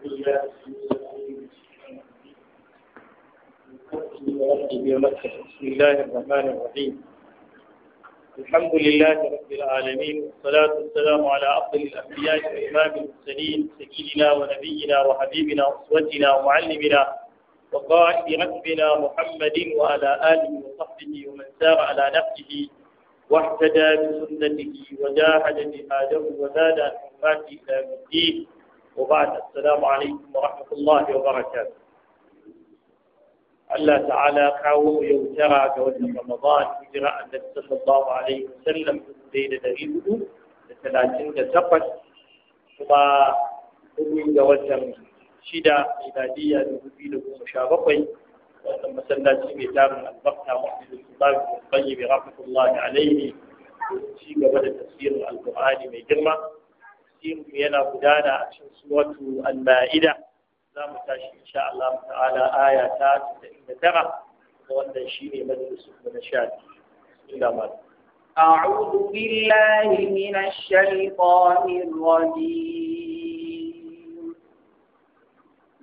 بسم الله الرحمن الرحيم الحمد لله رب العالمين والصلاة والسلام على أفضل الأنبياء وإمام المرسلين سيدنا ونبينا وحبيبنا وأسوتنا ومعلمنا وقائد ربنا محمد وعلى آله وصحبه ومن سار على نفسه واهتدى بسنته وجاهد جهاده وزاد عن حرماته إلى الدين وبعد السلام عليكم ورحمة الله وبركاته Allah ta'ala kawo yau tara ga watan Ramadan hijira annabi sallallahu alaihi wasallam dai da dari hudu da talatin da takwas kuma hudu ga watan shida miladiyya dubu biyu da goma sha bakwai wannan masallaci mai tarin albarka muhammadu sultan bin ci gaba da tafsirin alqur'ani mai girma سورة المائدة إن شاء الله تعالى آيات إن ترى وأن تشيني مجلس من أعوذ بالله من الشيطان الرجيم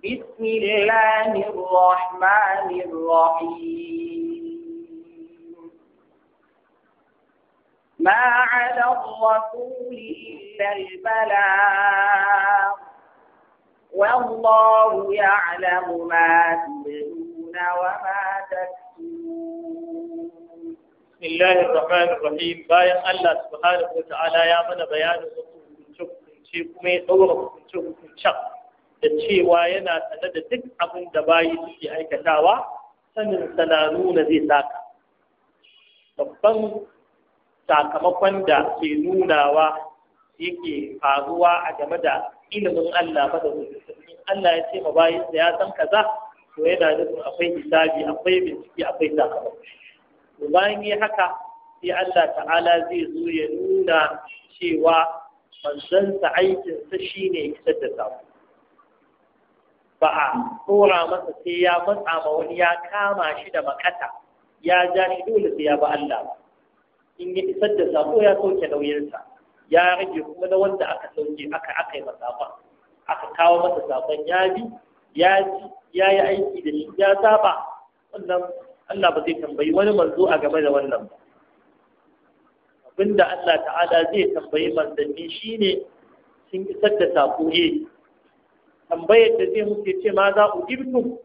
بسم الله الرحمن الرحيم ما على الرسول إلا البلاغ والله يعلم ما تبدون وما تكتمون بسم الله الرحمن الرحيم بايع الله سبحانه وتعالى يا من بيان kuma ya ɗaura hukunce-hukuncen da cewa yana sane da duk abin da bayi suke aikatawa sanin sana nuna zai saka babban sakamakon da ke nunawa yake faruwa a game da ilimin Allah ba da in Allah ya ce ma da ya san kaza to yana nufin akwai hisabi akwai bincike akwai sakamako bayan yi haka sai Allah ta'ala zai zo ya nuna cewa manzansa aikinsa shine isar da sako ba a tsora masa sai ya matsa ma wani ya kama shi da makata ya ja shi dole sai ya ba Allah in yi isar da sako ya sauke nauyinsa ya rage kuma na wanda aka sauke aka aka yi masafan aka kawo masa sakon ya bi ya ji ya yi aiki da shi ya saba wannan Allah ba zai tambayi wani manzo a game da wannan ba abinda Allah ta'ala zai tambayi manzanni shine sun isar da sako ne eh, tambayar da zai muke ce ma za ku ibnu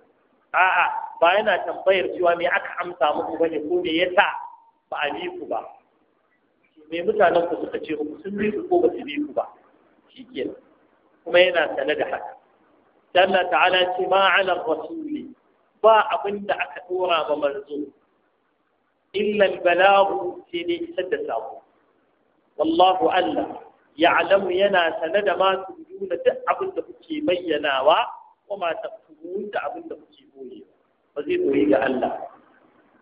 a'a ba yana tambayar cewa me aka amsa muku bane ko me yasa ba a bi ku ba me mutanen ku suka ce ku sun bi ku ko ba su bi ku ba shikenan kuma yana sane da haka Allah ta'ala ce ma ala rasuli ba abin da aka dora ba manzo illa al-balagu sai dai isar da sako wallahu Allah ya'lamu yana sane da ma tubuna duk abin da kuke bayyanawa kuma tafsirun da abin da kuke boye ba zai boye ga Allah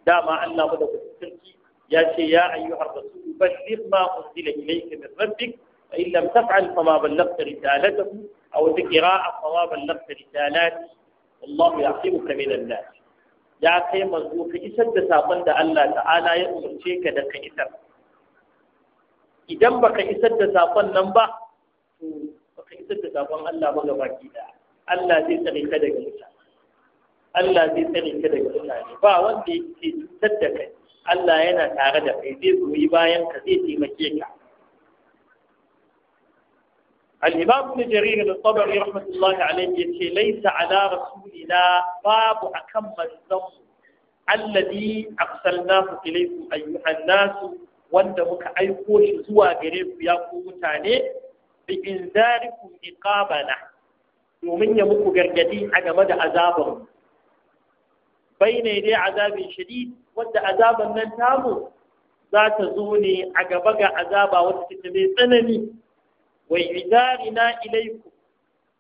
dama Allah madaukakin sarki يا شيء يا أيها الرسول بلغ ما أنزل إليك من ربك فإن لم تفعل فما بلغت رسالته أو بقراءة فما بلغت رسالاته الله يعصمك من الناس يا أخي مزبوط إسد ساقن الله تعالى يأمر شيك دك إسر إذا بقى isar da sakon nan ba to الله isar da الله Allah ba gaba ki الله Allah zai tsare ka daga mutane Allah yana tare da kai zai goyi bayan ka zai taimake ka الإمام ابن جرير الطبري رحمة الله عليه يقول ليس على رسولنا باب أكمل الذنب الذي أرسلناه إليكم أيها الناس wanda muka aiko shi zuwa gare ku ya ko mutane bi inzarikum iqabana domin ya muku gargadi a game da azabar baina dai azabin shadid wanda azaban nan tamu za ta zo ne a gaba ga azaba wata take mai tsanani wa idarina ilaiku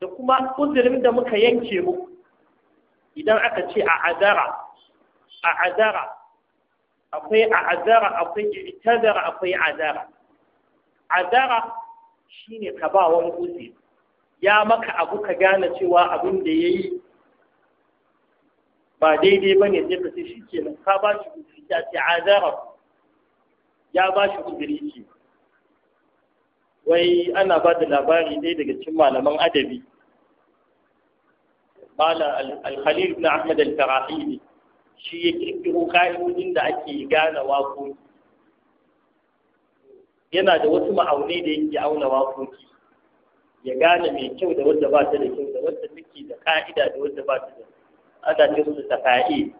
da kuma uzurin da muka yanke mu. idan aka ce a azara a azara akwai a azara akwai itadara akwai azara azara shine ka ba wani uzuri ya maka abu ka gane cewa abin da yayi ba daidai ba ne sai ka sai shi ke nan ka ba shi kudiri ta ce azara ya ba shi kudiri ce wai ana ba da labari dai daga cikin malaman adabi bala al na ibn ahmad al-karahili shi ya kirkiro ka'idodin da ake gane waƙoƙi yana da wasu ma'aunai da yake auna waƙoƙi ya gane mai kyau da wadda ba ta da kyau da wadda take da ka'ida da wadda ba ta da ana ce su tafa'i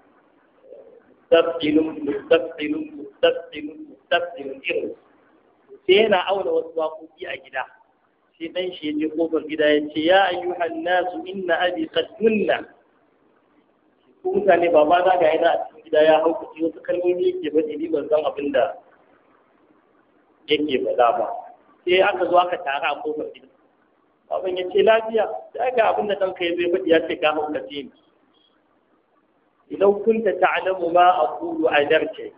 mustafilun mustafilun mustafilun mustafilun irin sai yana aure wasu waƙoƙi a gida sai dan shi ya je kofar gida ya ce ya ayyuhan nasu inna abi qad kunna ko mutane ba za ga yana a cikin gida ya hau kuci wasu kalmomi yake faɗi ni ban san abin da yake faɗa ba sai aka zo aka tara a kofar gida abin ya ce lafiya da ga abin da ɗanka ya zai faɗi ya ce ka haukace ni لو كنت تعلم ما أقول عذرك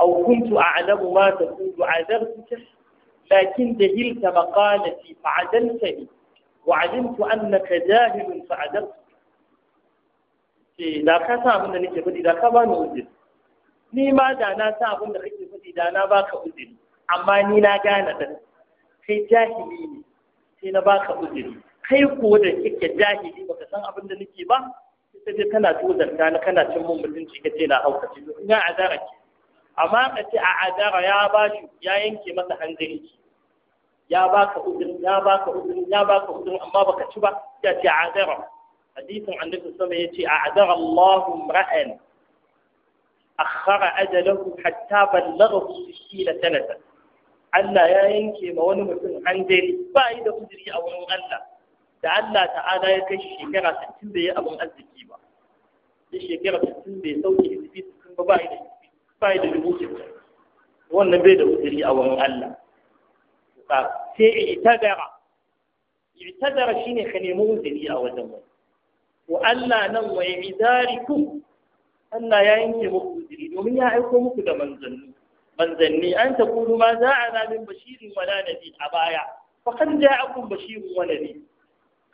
أو كنت أعلم ما تقول عذرتك لكن جهلت مقالتي فعدلتني وعلمت أنك جاهل فعدلتك da ka sa abin da nake faɗi da ka bani ni ma da na sa abin da kake faɗi da na baka uzuri amma ni na gane da kai jahili ne sai na baka uzuri kai ko da kike jahili baka san abin da nake ba ta je kana tozarta na kana cin mun mutunci ka ce na hauka ce in ya azara ke amma ka ce a azara ya ba shi ya yanke masa hanzari ki ya baka uzuri ya baka uzuri ya baka uzuri amma baka ci ba ya ce a azara hadisin annabi sama yace a azara Allahu ra'an akhara ajalahu hatta ballaghahu 60 sanata Allah ya yanke ma wani mutum hanzari ba yi da uzuri a wurin Allah da Allah ta'ala ya kai shekara 60 da ya abin arziki ba sai shekara 60 bai sauke hizbi sun ba ba da ba da rubutun wannan bai da wuri a wurin Allah sai itagara itagara shine ka nemi uzuri a wajen wani wa Allah nan wa yidarikum Allah ya yanke muku uzuri domin ya aiko muku da manzanni manzanni an ta kudu ma za a min bashirin wala nabi a baya fa kan ja'akum bashirun wa nabi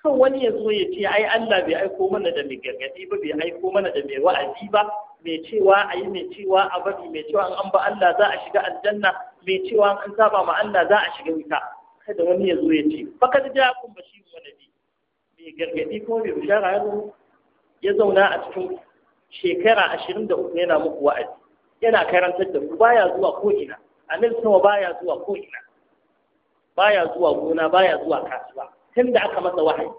kan wani ya zo ya ce ai Allah bai aiko mana da mai gargadi ba bai aiko mana da mai wa'azi ba mai cewa ayi mai cewa a bari mai cewa an ba Allah za a shiga aljanna mai cewa an saba ma Allah za a shiga wuta kada wani ya zo ya ce fakad ja'akum bashirun wani nabi mai gargadi ko mai bishara ya zo ya zauna a cikin shekara ashirin yana muku wa'azi yana karantar da ku baya zuwa ko ina nan sama baya zuwa ko ina baya zuwa gona baya zuwa kasuwa tun da aka masa wahayi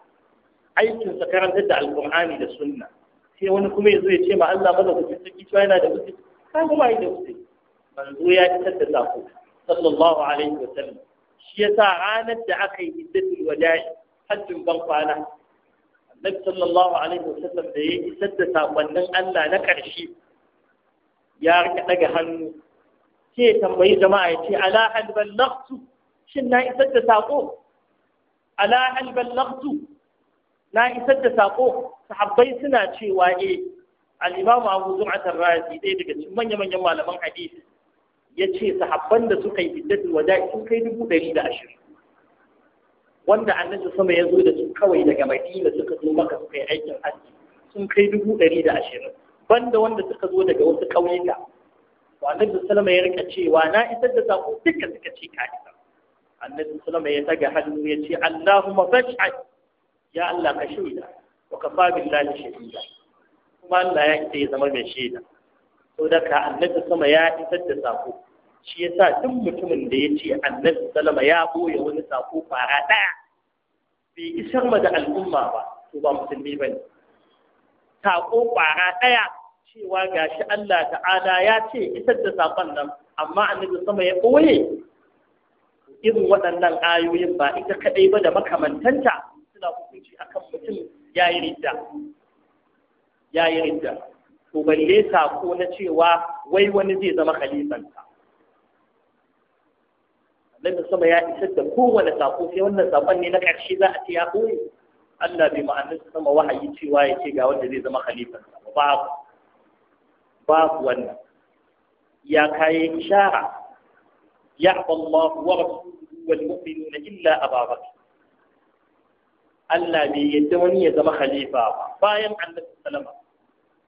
aikinsa karanta da alkur'ani da sunna sai wani kuma ya zo ya ce ma Allah maza ku sarki cewa yana da wuce kai kuma yi da wuce manzo ya fitar da sako sallallahu alaihi wa sallam shi ya sa ranar da aka yi hiddatul wada'i hajjin ban kwana annabi sallallahu alaihi wa sallam da ya isar da sakonnin Allah na karshe ya rika daga hannu sai ya tambayi jama'a ya ce ala hal ballaghtu shin na isar da sako ala hal ballagtu na isar da sako sahabbai suna cewa eh al-imamu Abu Zur'at ar-Razi dai daga cikin manya-manyan malaman hadisi ce sahabban da suka yi biddatul wada'i sun kai dubu ɗari da ashirin wanda annabi sama ya zo da su kawai daga Madina suka zo maka suka yi aikin hajji sun kai dubu ɗari da ashirin banda wanda suka zo daga wasu ƙauyuka to annabi sallama ya rika cewa na isar da sako duka suka ce ka isa annabi sulama ya taga hannu ya ce Allahumma fashhad ya Allah ka shaida wa kafa billahi shahida kuma Allah ya ita ya zama mai shaida saboda ka annabi sama ya isar da sako shi yasa duk mutumin da ya ce annabi sulama ya boye wani sako fara ɗaya bai isar ma da al'umma ba to ba musulmi bane sako fara ɗaya cewa gashi Allah ta'ala ya ce isar da sakon nan amma annabi sulama ya ɓoye irin waɗannan ayoyin ba ita kaɗai ba da makamantanta suna hukunci akan mutum ya yi ridda ya yi ridda to balle na cewa wai wani zai zama khalifansa da sama ya isar da kowane sako sai wannan saƙon ne na ƙarshe za a ce ya koyi Allah bai ma'anar sama wahayi cewa ya ce ga wanda zai zama khalifansa ba ku wannan ya kayan ishara يعطى الله ورسوله والمؤمنون إلا أبا بكر الله بيدوني يزم خليفة فاهم عن نفس السلامة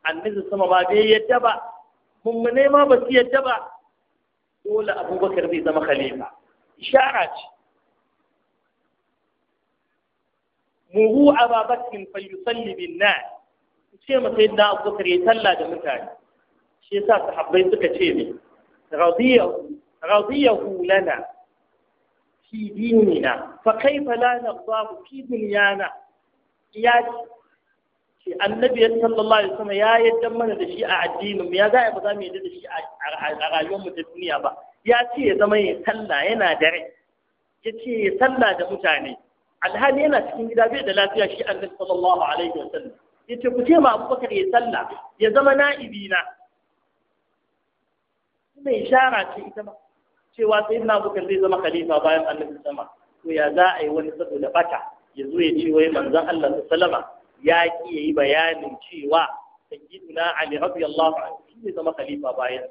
عن نفس السلامة ما هم ممن ما بس يتبع قول أبو بكر بي زم خليفة إشارات مهو أبا بكر فيصلي بالناس شيء ما سيدنا أبو بكر يتلى دمتاني شيء ساتح بيتك شيء رضي رضيه لنا في ديننا فكيف لا نرضاه في دنيانا يا annabi sallallahu alaihi wasallam ya yadda mana da shi a addinin mu ya ga ba za mu yadda da shi a rayuwar mu duniya ba ya ce ya zama ya sallah yana da rai ya ce ya sallah da mutane alhali yana cikin gida bai da lafiya shi annabi sallallahu alaihi wasallam ya ce ku ce ma abubakar ya sallah ya zama na'ibi na mai shara ce ita ba cewa sai ina bukar zai zama khalifa bayan annabi sama to ya za a yi wani saboda bata ya zo ya ce wai manzon Allah sallama ya ki yi bayanin cewa sayyiduna Ali radiyallahu anhu shi ne zama khalifa bayan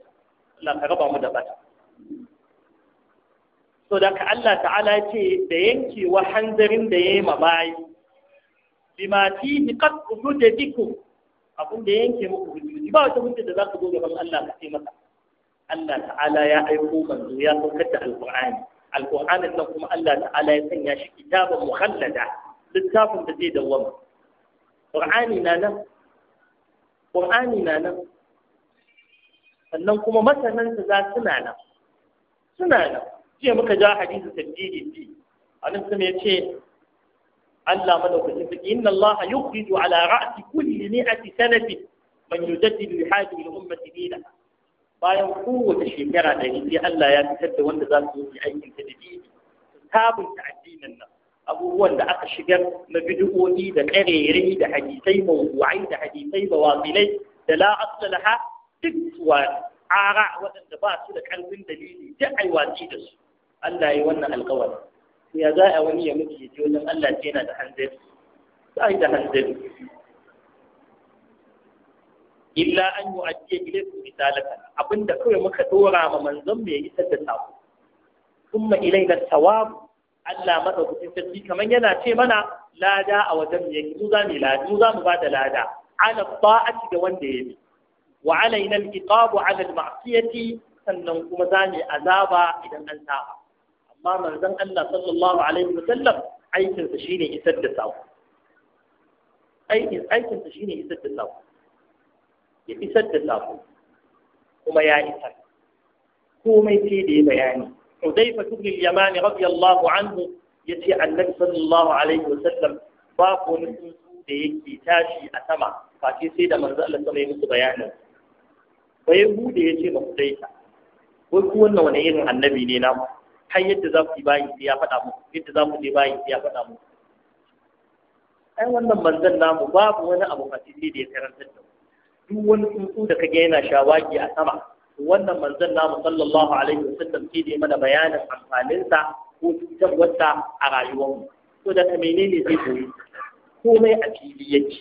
Allah ka raba mu da bata so da ka Allah ta'ala ce da yankewa hanzarin da yayi mabayi bima fihi qad hujjatikum abun da yanke muku hujjoji ba wata hujja da za ku zo gaban Allah ka ce maka. Allah ta'ala ya aiko manzo ya saukar da alqur'ani alqur'ani nan kuma Allah ta'ala ya sanya shi kitabun mukhallada littafin da zai dawwama qur'ani na nan qur'ani na nan sannan kuma masanan sa za suna nan suna nan jiya muka ja hadisi tabdidi fi sai ya ce Allah madaukakin sa inna Allah yukhriju ala ra'si kulli mi'ati sanati man yujaddidu li hadhihi al-ummati dinaha bayan kowace shekara da sai Allah ya fitar da wanda za su yi aikin ta da dini sabunta addinin nan abubuwan da aka shigar na bid'o'i da ƙarerai da hadisai mawdu'ai da hadisai bawasilai da la aslalaha duk wa ara waɗanda ba su da ƙarfin dalili duk ai watsi da su Allah ya yi wannan alƙawari ya za a wani ya mutu ya ce wajen Allah ce yana da hanzari sai da hanzari illa an yu'addiya ilaykum risalatan abinda kawai muka dora ma manzon mai isar da sako ilai ilayka tawab Allah madaukakin sarki kamar yana ce mana lada a wajen mu yake mu za mu lada mu za mu ba da lada ala ta'ati ga wanda ya bi wa alaina al-iqabu ala al-ma'siyati sannan kuma za mu azaba idan an saba amma manzon Allah sallallahu alaihi wasallam aikinsa shine isar da sako aikin aikinsa shine isar da sako ya isar da sako kuma ya isar komai sai da ya bayani Hudayfa ibn al-Yamani radiyallahu anhu ce Annabi sallallahu alaihi wasallam ba ko wani da yake tashi a sama face sai da manzo Allah sama ya musu bayanin ba ya bude ce ba Hudayfa wai ku wannan wani irin annabi ne na har yadda za ku yi bayi sai ya faɗa muku yadda za ku yi bayi sai ya faɗa muku ai wannan manzon namu babu wani abu face sai da ya karantar da mu duk wani tsuntsu da kage yana shawagi a sama wannan manzon namu sallallahu alaihi wasallam shi ne mana bayanin amfaninsa ko tabbatarsa a rayuwarmu to da ka menene zai koyi komai a fili yake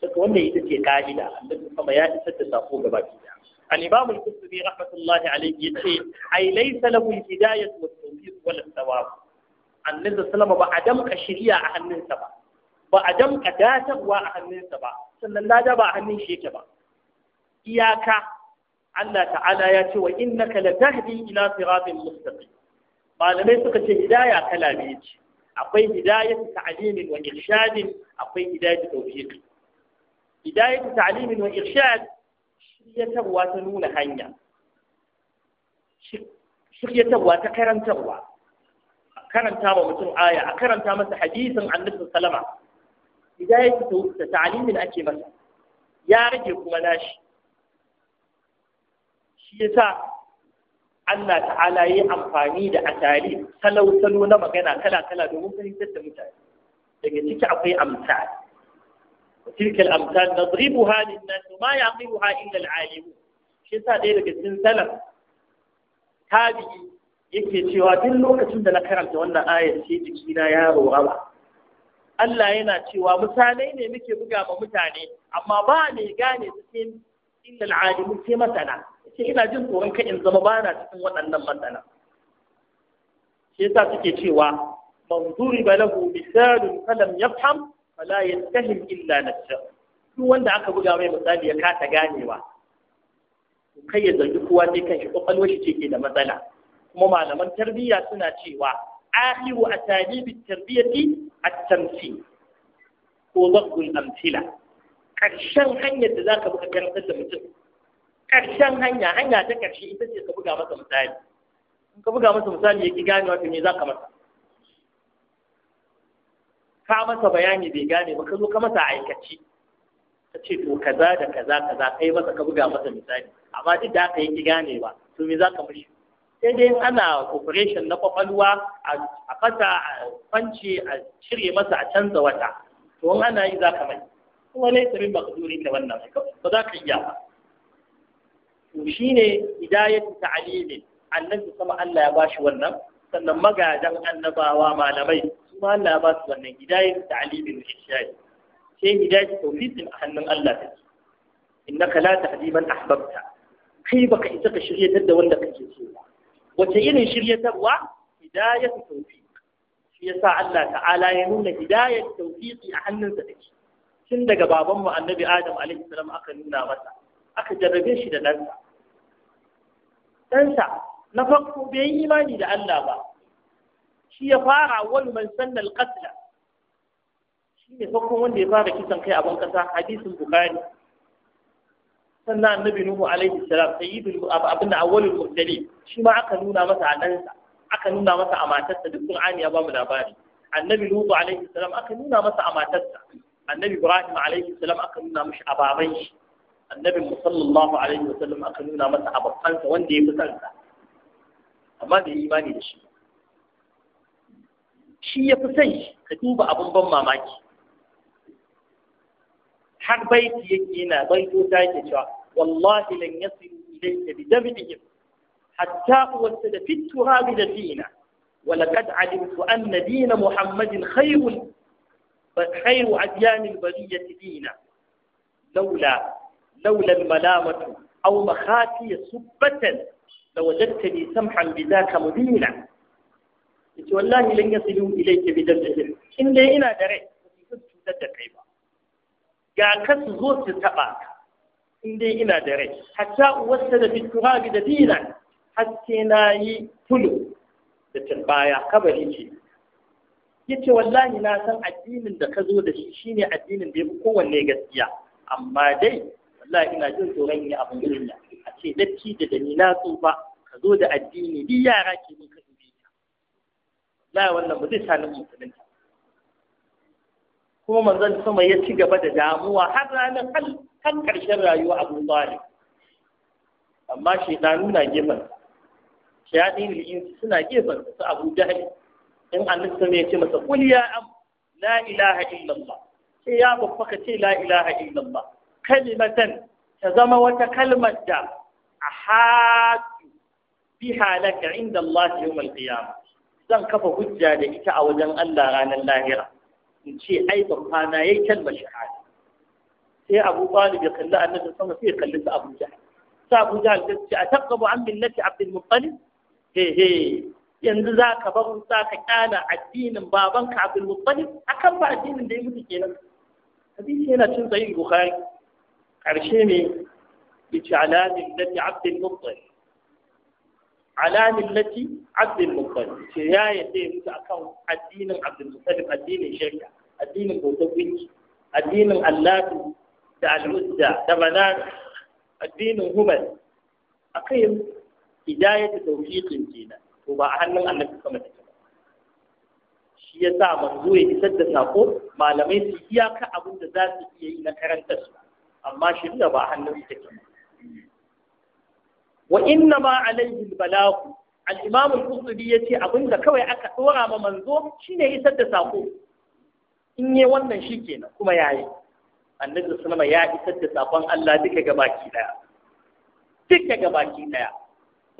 saka wannan ita ce ka'ida annabi kuma ya isar da sako gaba ɗaya al-imam al-qurtubi rahmatullahi alayhi yace ai laysa lahu al-hidayah wa at-tawfiq wa al-thawab annabi sallama ba a damka shiriya a hannunsa ba ba a damka datarwa a hannunsa ba sannan lada ba a hannun shi yake ba iyaka Allah ta'ala ya ce wa innaka latahdi ila siratin mustaqim malamai suka ce hidaya kala biyu ce akwai hidayatu ta'limin wa irshadin akwai hidayatu tawfiqi hidayatu ta'limin wa irshad shiryatarwa ta nuna hanya shiryatarwa ta karantarwa karanta wa mutum aya a karanta masa hadisin annabi sallama bidayatu ta ta'limin ake masa ya rage kuma nashi shi yasa Allah ta'ala yi amfani da atali salo-salo na magana kala-kala domin fahimtar da mutane daga ciki akwai amsal Na الأمثال ma للناس وما يعقلها إلا العالمون shi sa ɗaya daga cikin salaf tabi'i yake cewa duk lokacin da na karanta wannan ayar sai jikina ya rawa Allah yana cewa misalai ne muke buga wa mutane amma ba ne gane cikin sai illal alimu sai masana sai ina jin tsoron ka in zama bana cikin waɗannan matsala. shi yasa suke cewa man duriba lahu misalun falam yafham fala yastahim illa nafsa duk wanda aka buga mai misali ya kasa ganewa kai ya zargi kowa sai kan shi kwakwalwar ke da matsala kuma malaman tarbiyya suna cewa آخر أساليب التربية التمثيل وضرب الأمثلة ƙarshen hanyar da za ka buga karantar da mutum ƙarshen hanya hanya ta ƙarshe ita ce ka buga masa misali in ka buga masa misali ya ki gane wato me za ka masa ka masa bayani bai gane ba ka zo ka masa aikaci ka to kaza da kaza kai masa ka buga masa misali amma duk da haka ya gane ba to me za ka mishi sai dai ana operation na kwakwalwa a fata a kwanci a shirye masa a canza wata to in ana yi za ka mai kuma ne sabin baka duri ta wannan ba za ka iya ba to shine hidayatu ta'limin annabi sama Allah ya bashi wannan sannan magajan annabawa malamai su ma Allah ya ba su wannan hidayatu ta'limin shi sai hidayatu tawfiqin a hannun Allah take innaka la tahdi man ahbabta kai baka isa ka shirye da wanda kake so ba wace irin shiryatarwa hidayatu tawfiq shi sa Allah ta'ala ya nuna hidayar tawfiqi a hannunsa take tun daga babanmu annabi Adam alaihi aka nuna masa aka jarrabe shi da ɗansa ɗansa na farko bai yi imani da Allah ba shi ya fara wani man sanna al shi ne farkon wanda ya fara kisan kai a ban kasa hadisin bukhari sannan annabi nuhu alaihi salam sayyidul abinda awwalul mursalin shi ma aka nuna masa a ɗansa aka nuna masa a matarsa duk Qur'ani ya ba labari annabi lutu alaihi salam aka nuna masa a matarsa annabi ibrahim alaihi salam aka nuna mishi a baban shi annabi sallallahu alaihi wasallam aka nuna masa a babbansa wanda ya fi kansa amma bai imani da shi shi ya fi san shi ka duba abin ban mamaki har baiti yake yana baito ta والله لن wallahi إليك yasiru حتى bi dabihim hatta wasada ولقد علمت أن دين محمد خير خير أديان البرية دينا لولا لولا الملامة أو مخاتي سبة لوجدتني سمحا بذاك مدينا والله لن يصلوا إليك بدمجهم إن لينا دريت وفي كنت تتقيبا ga ka su zo su taɓa ka in dai ina da rai hatta wasu da biturabi da dinan haske na yi tulu da turbaya kabari ce yace wallahi na san addinin da ka zo da shi shine addinin da ya fi kowanne gaskiya amma dai wallahi ina jin tsoron yi abin kunya a ce dacci da dani na tsufa ka zo da addini duk yara ke mun ka dubi ta wallahi wannan ba zai sa ni musulunta kuma manzon sama ya ci gaba da damuwa har ranar har karshen rayuwa Abu Talib amma shaidanu na gefen shayatin insu suna gefen su Abu Jahl in annabi sama ya ce masa qul ya am la ilaha illallah sai ya babba ka ce la ilaha illallah kalimatan ta zama wata kalmar da a haƙi biha laka inda Allah yawm al-qiyamah zan kafa hujja da ita a wajen Allah ranar lahira in ce ai babba na ba shi hali sai Abu bani bai kalli annabi sama sai ya kalli su Abu Jahl sa Abu Jahl ya ce ataqabu an millati Abdul Muttalib he he yanzu za ka bar za ka kyala addinin babanka Abdul Muttalib akan ba addinin da ya mutu kenan hadisi yana cin sahih Bukhari karshe ne yace ala millati Abdul Muttalib ala millati Abdul Muttalib ce ya yi ya mutu akan addinin Abdul Muttalib addinin shirka addinin bautar gunki addinin allatu da al'udda da bana addinin human a kai hidayar da tawfiqin kenan to ba a hannun annabi kama da ba shi ya sa manzo ya isar da sako malamai su iyaka abin da za su iya yi na karanta su amma shi da ba a hannun su take wa inna ma alaihi balaku al-imam al-qurtubi yace abinda kawai aka dora ma manzo shine isar da sako in yi wannan shi kenan kuma ya yi annabi sallama ya isar da sakon Allah duka ga baki daya duka ga baki ɗaya.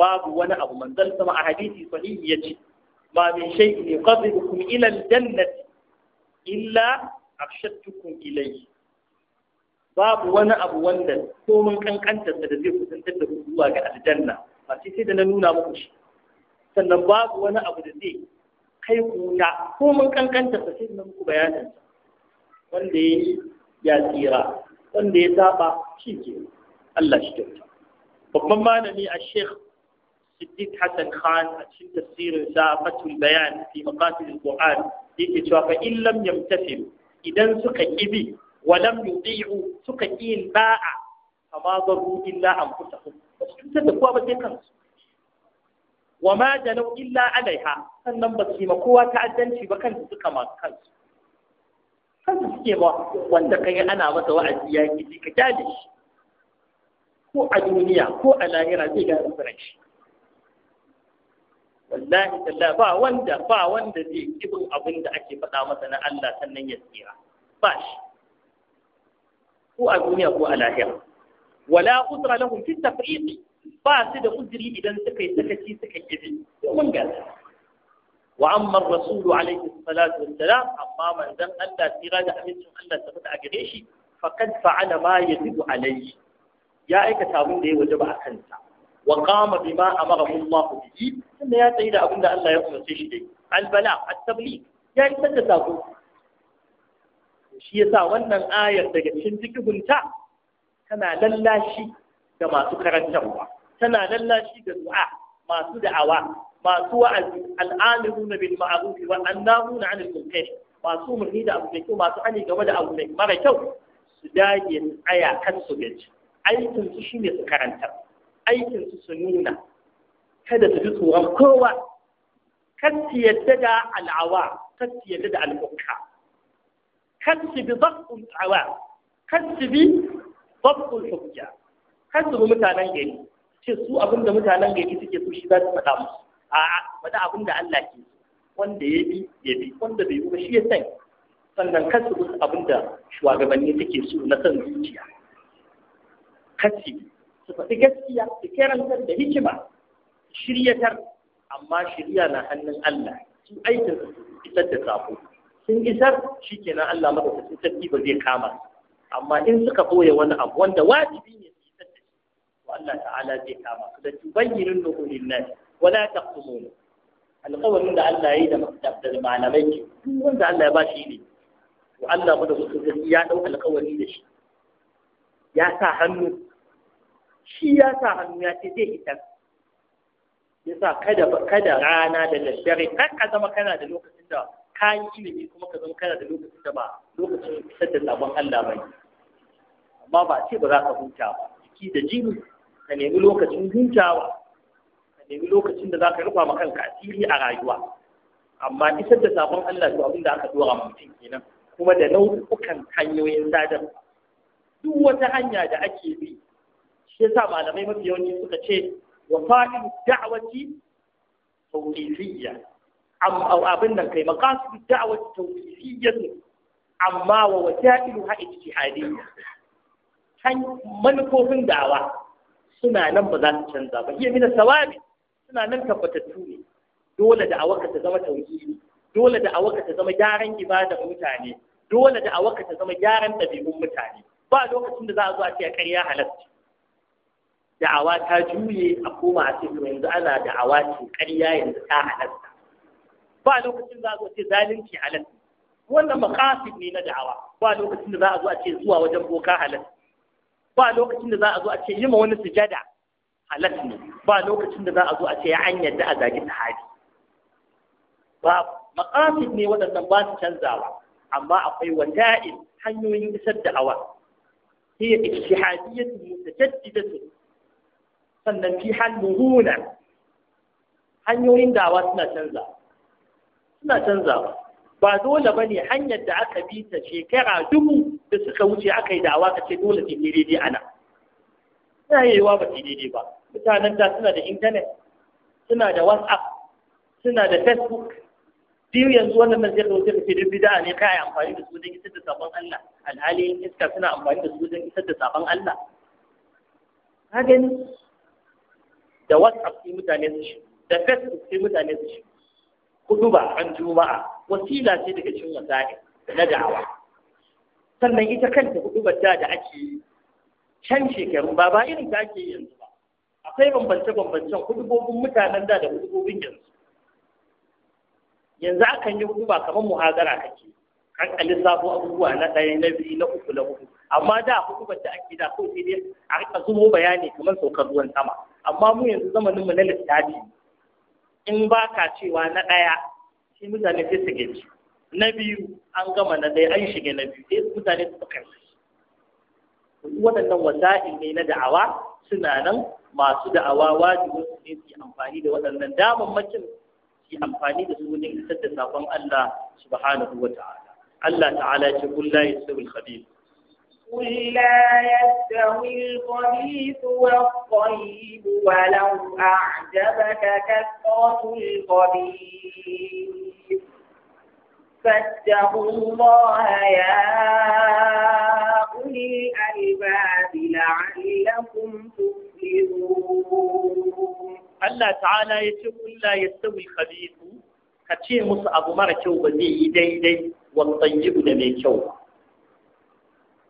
babu wani abu manzon sama a hadisi sahihi ce, ma min ne yuqaddibukum ila ilal jannati illa abshattukum ilayhi babu wani abu wanda komin kankantarsa da zai kusantar da ku zuwa ga aljanna ba sai sai da na nuna muku shi sannan babu wani abu da zai kai kuta ko mun kankanta sa sai muku bayanin wanda ya yi ya tsira wanda ya saba shi ke Allah shi kyauta babban malami a Sheikh Siddiq Hassan Khan a cikin tafsirin sa Fatul Bayan fi maqatil Qur'an yake cewa fa in lam yamtasil idan suka kibi wa lam yuti'u suka yin ba'a fa ma daru illa anfusahum ba su cutar da kowa ba sai kansu wa ma janau illa alaiha sannan ba su yi ma kowa ta'addanci ba kansu suka ma kansu kansu suke ba wanda kai ana masa wa'azi ya yi ka kyale shi ko a duniya ko a lahira zai ga tsirin shi wallahi talla ba wanda ba wanda zai kibin abin da ake faɗa masa na Allah sannan ya tsira ba shi ko a duniya ko a lahira wala usra lahum fi tafriqi ba su da uzuri idan suka yi sakaci suka kibi mun ga wa amma rasulu alaihi salatu wassalam amma manzon Allah tira da amincin Allah ta fita a gare shi faqad fa'ala ma yajibu alaihi ya aikata abin da ya wajaba a kansa wa qama bima amarahu Allah bihi tunda ya tsayi da abin da Allah ya umarce shi dai albala at-tabligh ya isar da sako shi yasa wannan ayar daga cikin dukkan tana lallashi ga masu karantarwa tana lallashi ga du'a masu da'awa masu wa'azi al'amiluna bil ma'ruf wa annahuna 'anil munkar masu umarni da abu da kyau masu ani game da abu mara kyau su dage su tsaya kan su gaji aikin su shine su karanta aikin su su nuna kada su ji tsoron kowa kan su yadda da al'awa kan su yadda da al'ukka kan su bi zaɓɓun awa kan su bi zaɓɓun hujja kan su bi mutanen gari ce su abin da mutanen gari suke so shi za su faɗa musu a'a faɗa abin da Allah ke wanda ya bi ya bi wanda bai yi shi ya san sannan kasu su abin da shugabanni suke so na san zuciya kasi su faɗi gaskiya su kerantar da hikima shiryatar amma shirya na hannun Allah su aikin su isar da sako sun isar shi kenan Allah madaukakin sarki ba zai kama amma in suka boye wani abu wanda wajibi ne to Allah ta'ala zai kama su da tubayyinin nuhulin nan wala ta ne. alƙawarin da Allah ya yi da malamai ke duk wanda Allah ya ba shi ne to Allah mu da mutum gani ya ɗau alƙawari da shi ya sa hannu shi ya sa hannu ya ce zai ita ya sa kada kada rana da daddare kar ka zama kana da lokacin da kayan ilimi kuma ka zama kana da lokacin da ba lokacin fitar da sabon Allah bai amma ba ce ba za ka huta ba jiki da jini ka nemi lokacin hutawa ka nemi lokacin da za ka rufa ma a asiri a rayuwa amma isar da sabon Allah to abin da aka dora mutum kenan kuma da nau'ukan hanyoyin sadar duk wata hanya da ake bi shi yasa malamai mafi yawanci suka ce wa fa'idu da'wati tawqifiyya am aw abin nan kai da'awaci da'wati tawqifiyya amma wa wasa'iluha ijtihadiyya han manufofin da'awa suna nan ba za su canza ba iya mina sawabi suna nan tabbatattu ne dole da awaka ta zama tauhidi dole da awaka ta zama gyaran ibadar mutane dole da awaka ta zama gyaran ɗabi'un mutane ba lokacin da za a zo a ce ƙarya halatta da'awa ta juye a koma a ce yanzu ana da'awa ce ƙarya yanzu ta halatta ba lokacin za a zo a ce zalunci halatta wannan maqasid ne na da'awa ba lokacin da za a zo a ce zuwa wajen boka halatta ba lokacin da za a zo a ce yi ma wani sujada halas ne ba lokacin da za a zo a ce ya an yadda a zagi sahabi Ba maqasid ne waɗannan ba su canzawa amma akwai wada'in hanyoyin isar da awa هي اجتهادية متجددة sannan fi hannuhuna hanyoyin dawa suna canzawa suna canza. ba dole ba ne hanyar da aka bi ta shekara dubu da suka wuce aka yi da'awa ka ce dole sai daidai ana ina yiwuwa ba sai daidai ba mutanen ta suna da intanet suna da whatsapp suna da facebook biyu yanzu wannan nan zai wuce ce duk bid'a ne kai amfani da su wajen isar da sabon Allah alhali iska suna amfani da su wajen isar da sabon Allah ka gani da whatsapp sai mutane su shi da facebook sai mutane su shi kudu ba an juma'a wasila ce daga cikin wasa'il na da'awa sannan ita kanta hudubar da da ake yi can shekaru ba ba irin da ake yanzu ba akwai bambance-bambancen hudubobin mutanen da da hudubobin yanzu yanzu akan yi huduba kamar muhazara kake an lissafo abubuwa na ɗaya na biyu na uku na uku amma da hudubar da ake da kawai dai a rika zubo bayani kamar saukar ruwan sama amma mu yanzu zamaninmu na littafi in ba ka cewa na ɗaya shi mutane sai su gaji na biyu an gama na dai an shiga na biyu sai mutane su suka waɗannan wasa'il ne na da'awa suna nan masu da'awa wajibin su ne su amfani da waɗannan damammakin su amfani da su wajen isar da sakon Allah subhanahu wa ta'ala Allah ta'ala ce kullu yasbil khabir قل لا يستوي الخبيث والطيب ولو أعجبك كثرة الخبيث فاتقوا الله يا أولي الألباب لعلكم تفلحون الله تعالى يقول لا يستوي الخبيث kace musu abu mara kyau ba zai yi daidai wal tayyibu da mai kyau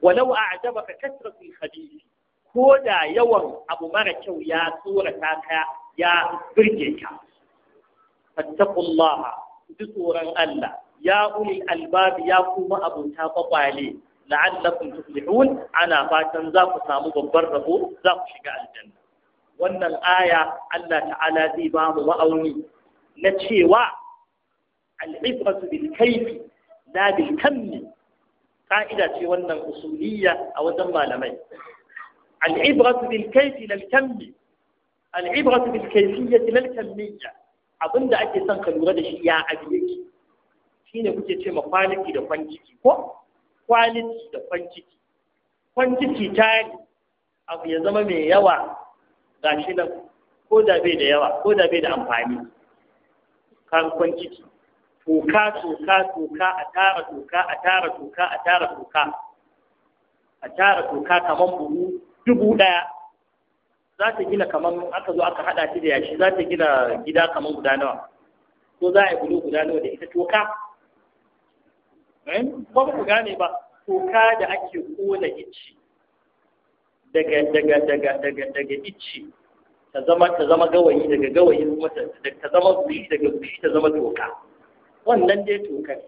walau a'jabaka kasratu al-khabith ko da yawan abu mara kyau ya tsorata ka ya birge ka Fattakullaha, duk tsoron Allah ya ulil albabi ya kuma abunta kwakwale la'allakum tuflihun ana fatan za ku samu babbar rabo za ku shiga aljanna wannan aya Allah ta'ala zai ba mu wa'auni. na cewa al'ibratu bil kaifi la bil kammi ka'ida ce wannan usuliyya a wajen malamai al'ibratu bil kaifi lal kammi al'ibratu bil kaifiyyati lal kammiyya abinda ake son ka lura da shi ya abi yake ne kuke ce ma kwaliti da kwanciki ko kwaliki da kwanciki kwanciki tari abu ya zama mai yawa shi nan ko da bai da yawa ko da bai da amfani kan kwanciki toka toka toka a tara toka a tara toka a tara toka a tara toka kamar buhu dubu ɗaya za ta gina kamar aka zo aka hada shi da yashi za ta gina gida kamar guda nawa ko za a yi gudu guda nawa da ita toka ba ku gane ba kuka da ake kona icci daga daga daga daga daga icci ta zama ta zama gawayi daga gawayi kuma ta zama gushi daga gushi ta zama toka wannan dai toka ne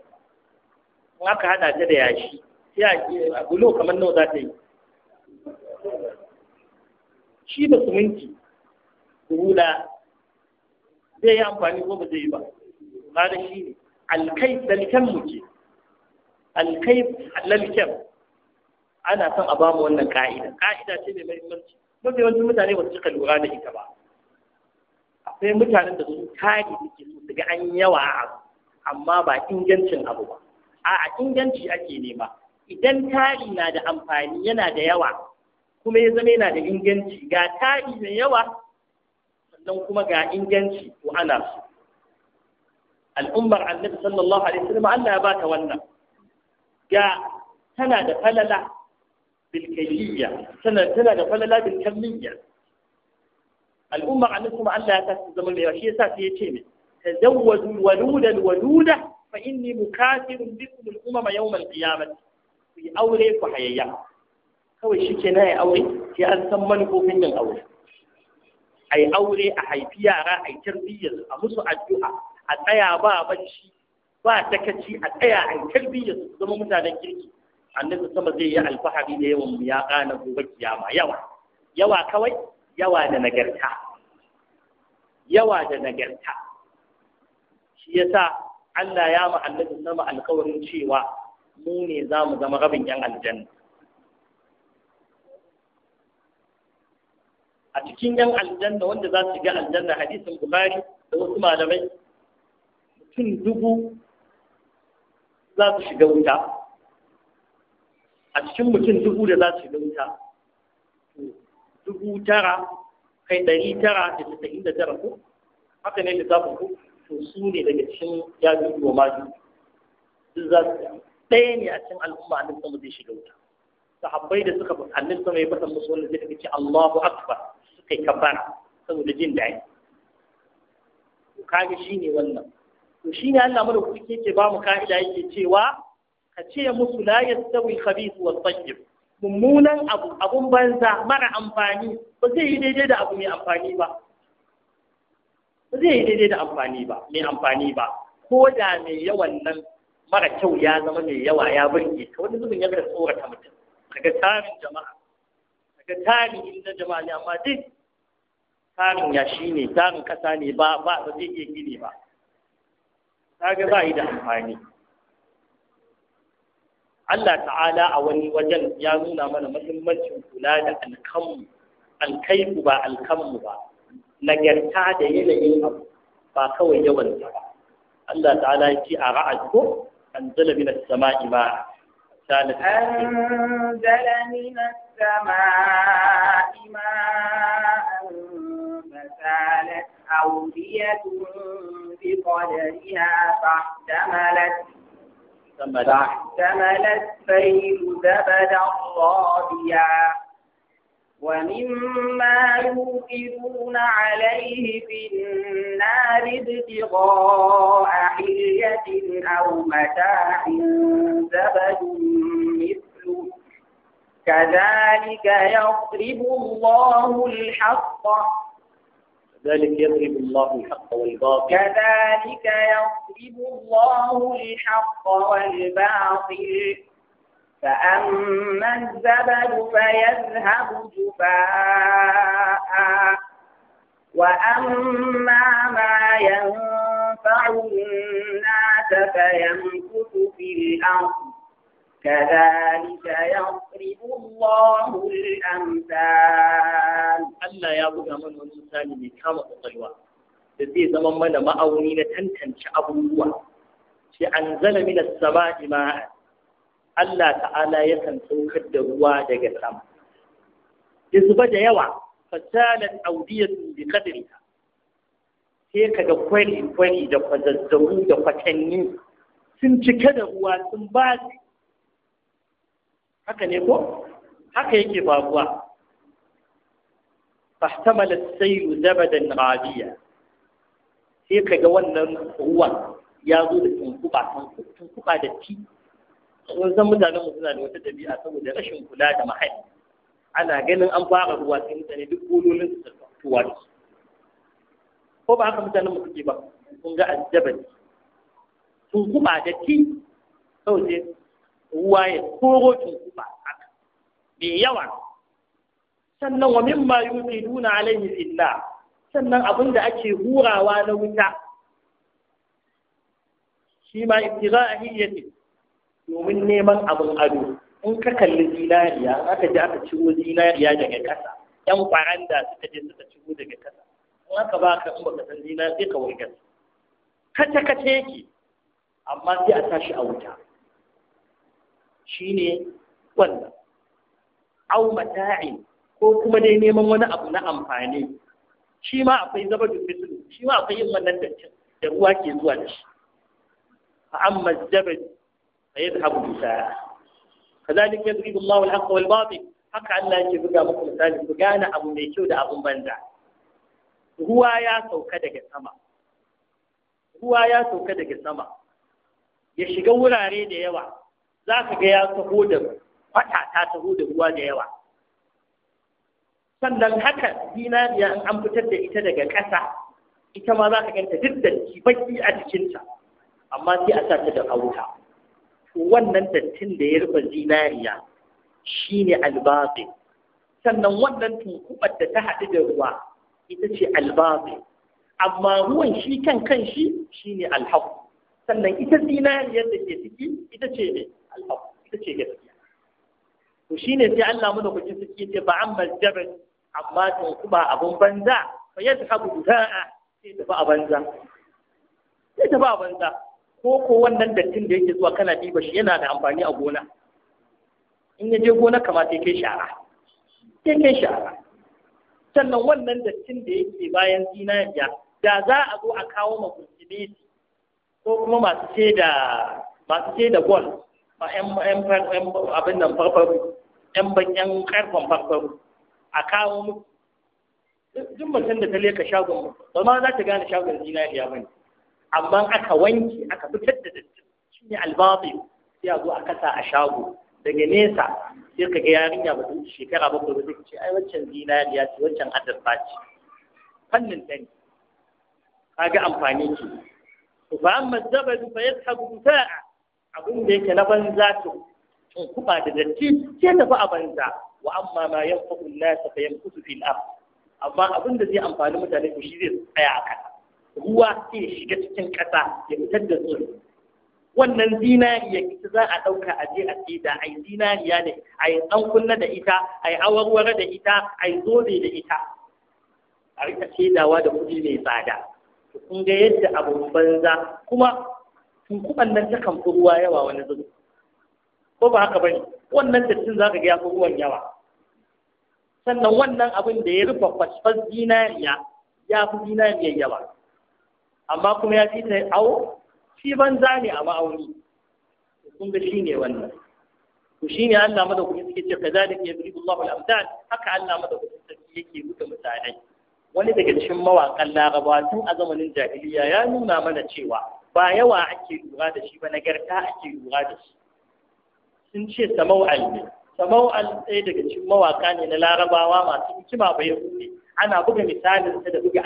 in aka hada ta da yashi sai a bulo kamar nawa za ta yi shi da suminti rula zai yi amfani ko ba zai yi ba ba da shi ne alkai dalkan mu ke alkai lalkyam ana son a bamu wannan ka'ida ka'ida ce mai mahimmanci mafi yawancin mutane ba su cika lura da ita ba akwai mutanen da su tari suke so su ga an yawa a abu amma ba ingancin abu ba a inganci ake nema idan tari na da amfani yana da yawa kuma ya zama yana da inganci ga tari mai yawa sannan kuma ga inganci ko ana so al'ummar annabi sallallahu alaihi wasallam Allah ya baka wannan ga tana da falala bilkayiyya tana tana da falala bilkamiyya al'umma annabi kuma Allah ya tashi zaman mai shi yasa sai ya ce ne tazawwadu waludan waluda fa inni mukafirun bikum al'umma yawm al-qiyamah ku yi aure ku hayayya kawai shi ke na ya aure sai an san manufofin yin aure a yi aure a haifi yara a yi tarbiyyar a musu addu'a a tsaya ba bacci ba takaci a tsaya a tarbiyya su zama mutanen kirki annabi sama zai yi alfahari da yawan ya kana gobe kiyama yawa yawa kawai yawa da nagarta yawa da nagarta shi yasa Allah ya ma annabi sama alƙawarin cewa mu ne za mu zama rabin yan aljanna a cikin yan aljanna wanda za su ga aljanna hadisin bukari da wasu malamai mutum dubu za su shiga wuta a cikin mutum dubu da za su shiga wuta dubu tara kai ɗari tara da tasa'in da tara ko haka ne da za ku to su ne daga cikin ya dubu wa maju duk za su ɗaya ne a cikin al'umma a nan sama zai shiga wuta sahabbai da suka annin sama ya fasa musu wannan zai ce Allahu akbar suka yi kafara saboda jin daɗi kaga ne wannan to ne Allah mana da kuke ke ba mu ka'ida yake cewa ka ce musu la yastawi khabith wa tayyib mummunan abu abun banza mara amfani ba zai yi daidai da abu mai amfani ba ba zai yi daidai da amfani ba mai amfani ba ko da mai yawan nan mara kyau ya zama mai yawa ya burge ka wani zubin ya ga tsorata mutum daga tarin jama'a daga tarin inda jama'a ne amma duk tarin ya shi ne tarin kasa ne ba ba zai iya gini ba kage ba yi da amfani Allah ta'ala a wani wajen ya nuna mana muhimmancin kula da alkanmu alkaifu ba alkanmu ba nagarta da yanayin abu ba kawai yawan ba Allah ta'ala ya ce a ra'ad ko anzala min as-sama'i ma anzala min as-sama'i ma fasalat awdiyatun بقدرها فاحتملت فاحتملت فيل زبدا رابيا ومما يوقدون عليه في النار ابتغاء حلية أو متاع زبد مثله كذلك يضرب الله الحق كذلك يضرب الله الحق والباطل كذلك يضرب الله الحق والباطل فأما الزبد فيذهب جفاء وأما ما ينفع الناس فيمكث في الأرض كذلك يضرب الله الأمثال Allah ya buga mana wani misali mai kama kwakwalwa da zai zama mana ma'auni na tantance abubuwa shi an zana mina sama ima Allah ta'ala yakan saukar da ruwa daga sama ya zuba da yawa fasalat audiyatun bi qadriha sai kaga kwari kwari da kwazazzabu da kwatanni sun cike da ruwa sun ba haka ne ko haka yake faruwa فاحتمل السيل زبدا غاليا sai ka ga wannan ruwan ya zo da tunkuba tunkuba da ti sun san mutanen mu suna da wata dabi'a saboda rashin kula da mahalli ana ganin an fara ruwa sai mutane duk bololin su tattuwa da su ko ba haka mutanen mu suke ba sun ga azzabani tunkuba da ti saboda ruwa ya koro tunkuba haka mai yawa sannan wa mimma yuqiduna alaihi illa sannan abin da ake hurawa na wuta shi ma ibtiga ahiyyati domin neman abin ado in ka kalli zinariya aka ji aka ciro zinariya daga kasa yan kwaranda suka je suka ciro daga kasa in aka baka in baka san zinariya sai ka wurgar kace kace yake amma sai a tashi a wuta shine wannan au mata'in ko kuma dai neman wani abu na amfani shi ma akwai zaba da fitilu shi ma akwai yin wannan dancin da ruwa ke zuwa da shi fa amma jabal fa yadhhabu bi sa'a ya yadribu Allahu al-haqqa wal batil haka Allah yake buga muku misali ku gane abu mai kyau da abun banza ruwa ya sauka daga sama ruwa ya sauka daga sama ya shiga wurare da yawa za ka ga ya taho da kwata ta taho da ruwa da yawa sannan haka zinariya in an fitar da ita daga ƙasa ita ma za ka ganta duk da baki a jikinta amma sai a sa ta da auta wannan dattin da ya rufe zinariya shine albabi sannan wannan tunkubar da ta haɗu da ruwa ita ce albabi amma ruwan shi kan kan shi shine alhaq sannan ita zinariyar da ke ciki ita ce ne alhaq ita ce gaskiya to shine sai Allah mu da kuke suke ce ba amma jabal amma ku ba abun banza fa yadhabu ta, sai tafi a banza sai tafi a banza ko ko wannan dattin da yake zuwa kana diba shi yana da amfani a gona in ya je gona kamata ya kai shara sai kai shara sannan wannan dattin da yake bayan zinariya da za a zo a kawo ma kusurmeti ko kuma masu ce da masu da gol yan abin nan farfaru yan ban yan karfan farfaru a kawo mu duk mutum da ta leka shagon mu ba ma za ta gane shagon zinariya ba ne amma aka wanke aka fitar da dattin shi ne albabi sai a zo a kasa a shago daga nesa sai ka ga yarinya ba shekara ba ko ba ce ai waccan zinariya ce waccan adalba ce fannin ta ne ga amfani to fa amma zabadu fa yadhhabu sa'a abin da yake na banza to in kuba da datti sai tafi a banza wa amma ma yanfa'u an ta fa yamkutu fil ard amma abin da zai amfani mutane ko shi zai tsaya a kasa ruwa sai shiga cikin kasa ya fitar da tsoro wannan zinariya ita za a ɗauka a je a tsida a yi zinariya ne a yi kunna da ita a yi awarware da ita a yi zobe da ita a rika tsidawa da kuɗi mai tsada kun ga yadda abun banza kuma tunkuɓan nan takan fi ruwa yawa wani zubi ko ba haka bane wannan dattin zaka ga ya fi ruwan yawa sannan wannan abin da ya rufe fasfas dinariya ya fi dinariya yawa amma kuma ya fi ta awo shi banza ne a ma'auni kun ga shine wannan to shine Allah madaukakin suke ce kazalika yadribu Allahu al-amsal haka Allah madaukakin sarki yake buga misalai wani daga cikin mawaƙan Laraba tun a zamanin jahiliya ya nuna mana cewa ba yawa ake lura da shi ba nagarta ake lura da shi sun ce samau'al ne samau'al ɗaya daga cikin mawaka ne na larabawa masu hikima ba hude. ana buga misalin sa da buga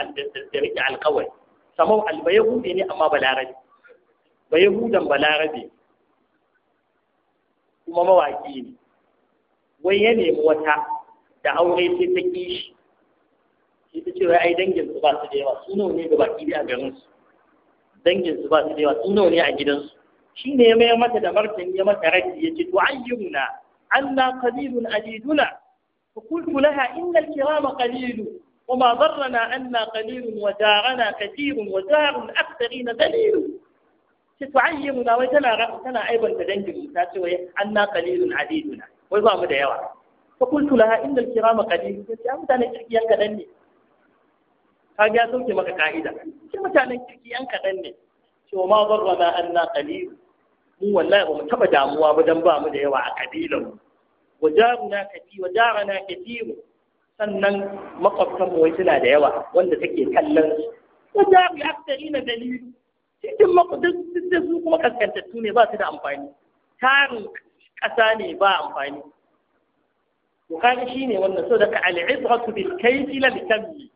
da rike alkawari samau'al ba hude ne amma ba larabi ba yahudan ba larabi kuma mawaki ne wai ya nemi wata da aure sai ta kishi sai ta ce wai ai dangin su ba su da yawa su ne ga baki da a garin su dangin su ba su da yawa su ne a gidansu shi ne ya mayar mata da martani ya mata rai ya ce tu'ayyuna anna qalilun ajiduna fa qultu laha inna al-kirama qalilun wa ma darrana anna qalilun wa darana katirun wa darun aktharina dalil ce tu'ayyuna wai tana tana aibar da dangin ta ce wai anna qalilun wai ba mu da yawa fa qultu laha inna al-kirama qalilun ce an mutane kirkiyan kadan ne ka ga sauke maka ka'ida ce mutanen kirkiyan kadan ne ce wa ma darrana anna mu wallahi ba mu taba damuwa ba dan ba mu da yawa a kabilan wa jaruna kati wa sannan makwabtan mu wai suna da yawa wanda take kallon su wa jaru na dalilu cikin makwabtan da su kuma kaskantattu ne ba su da amfani tarin ƙasa ne ba amfani to shi shine wannan so daga al-ibratu bil kayfi la bikamli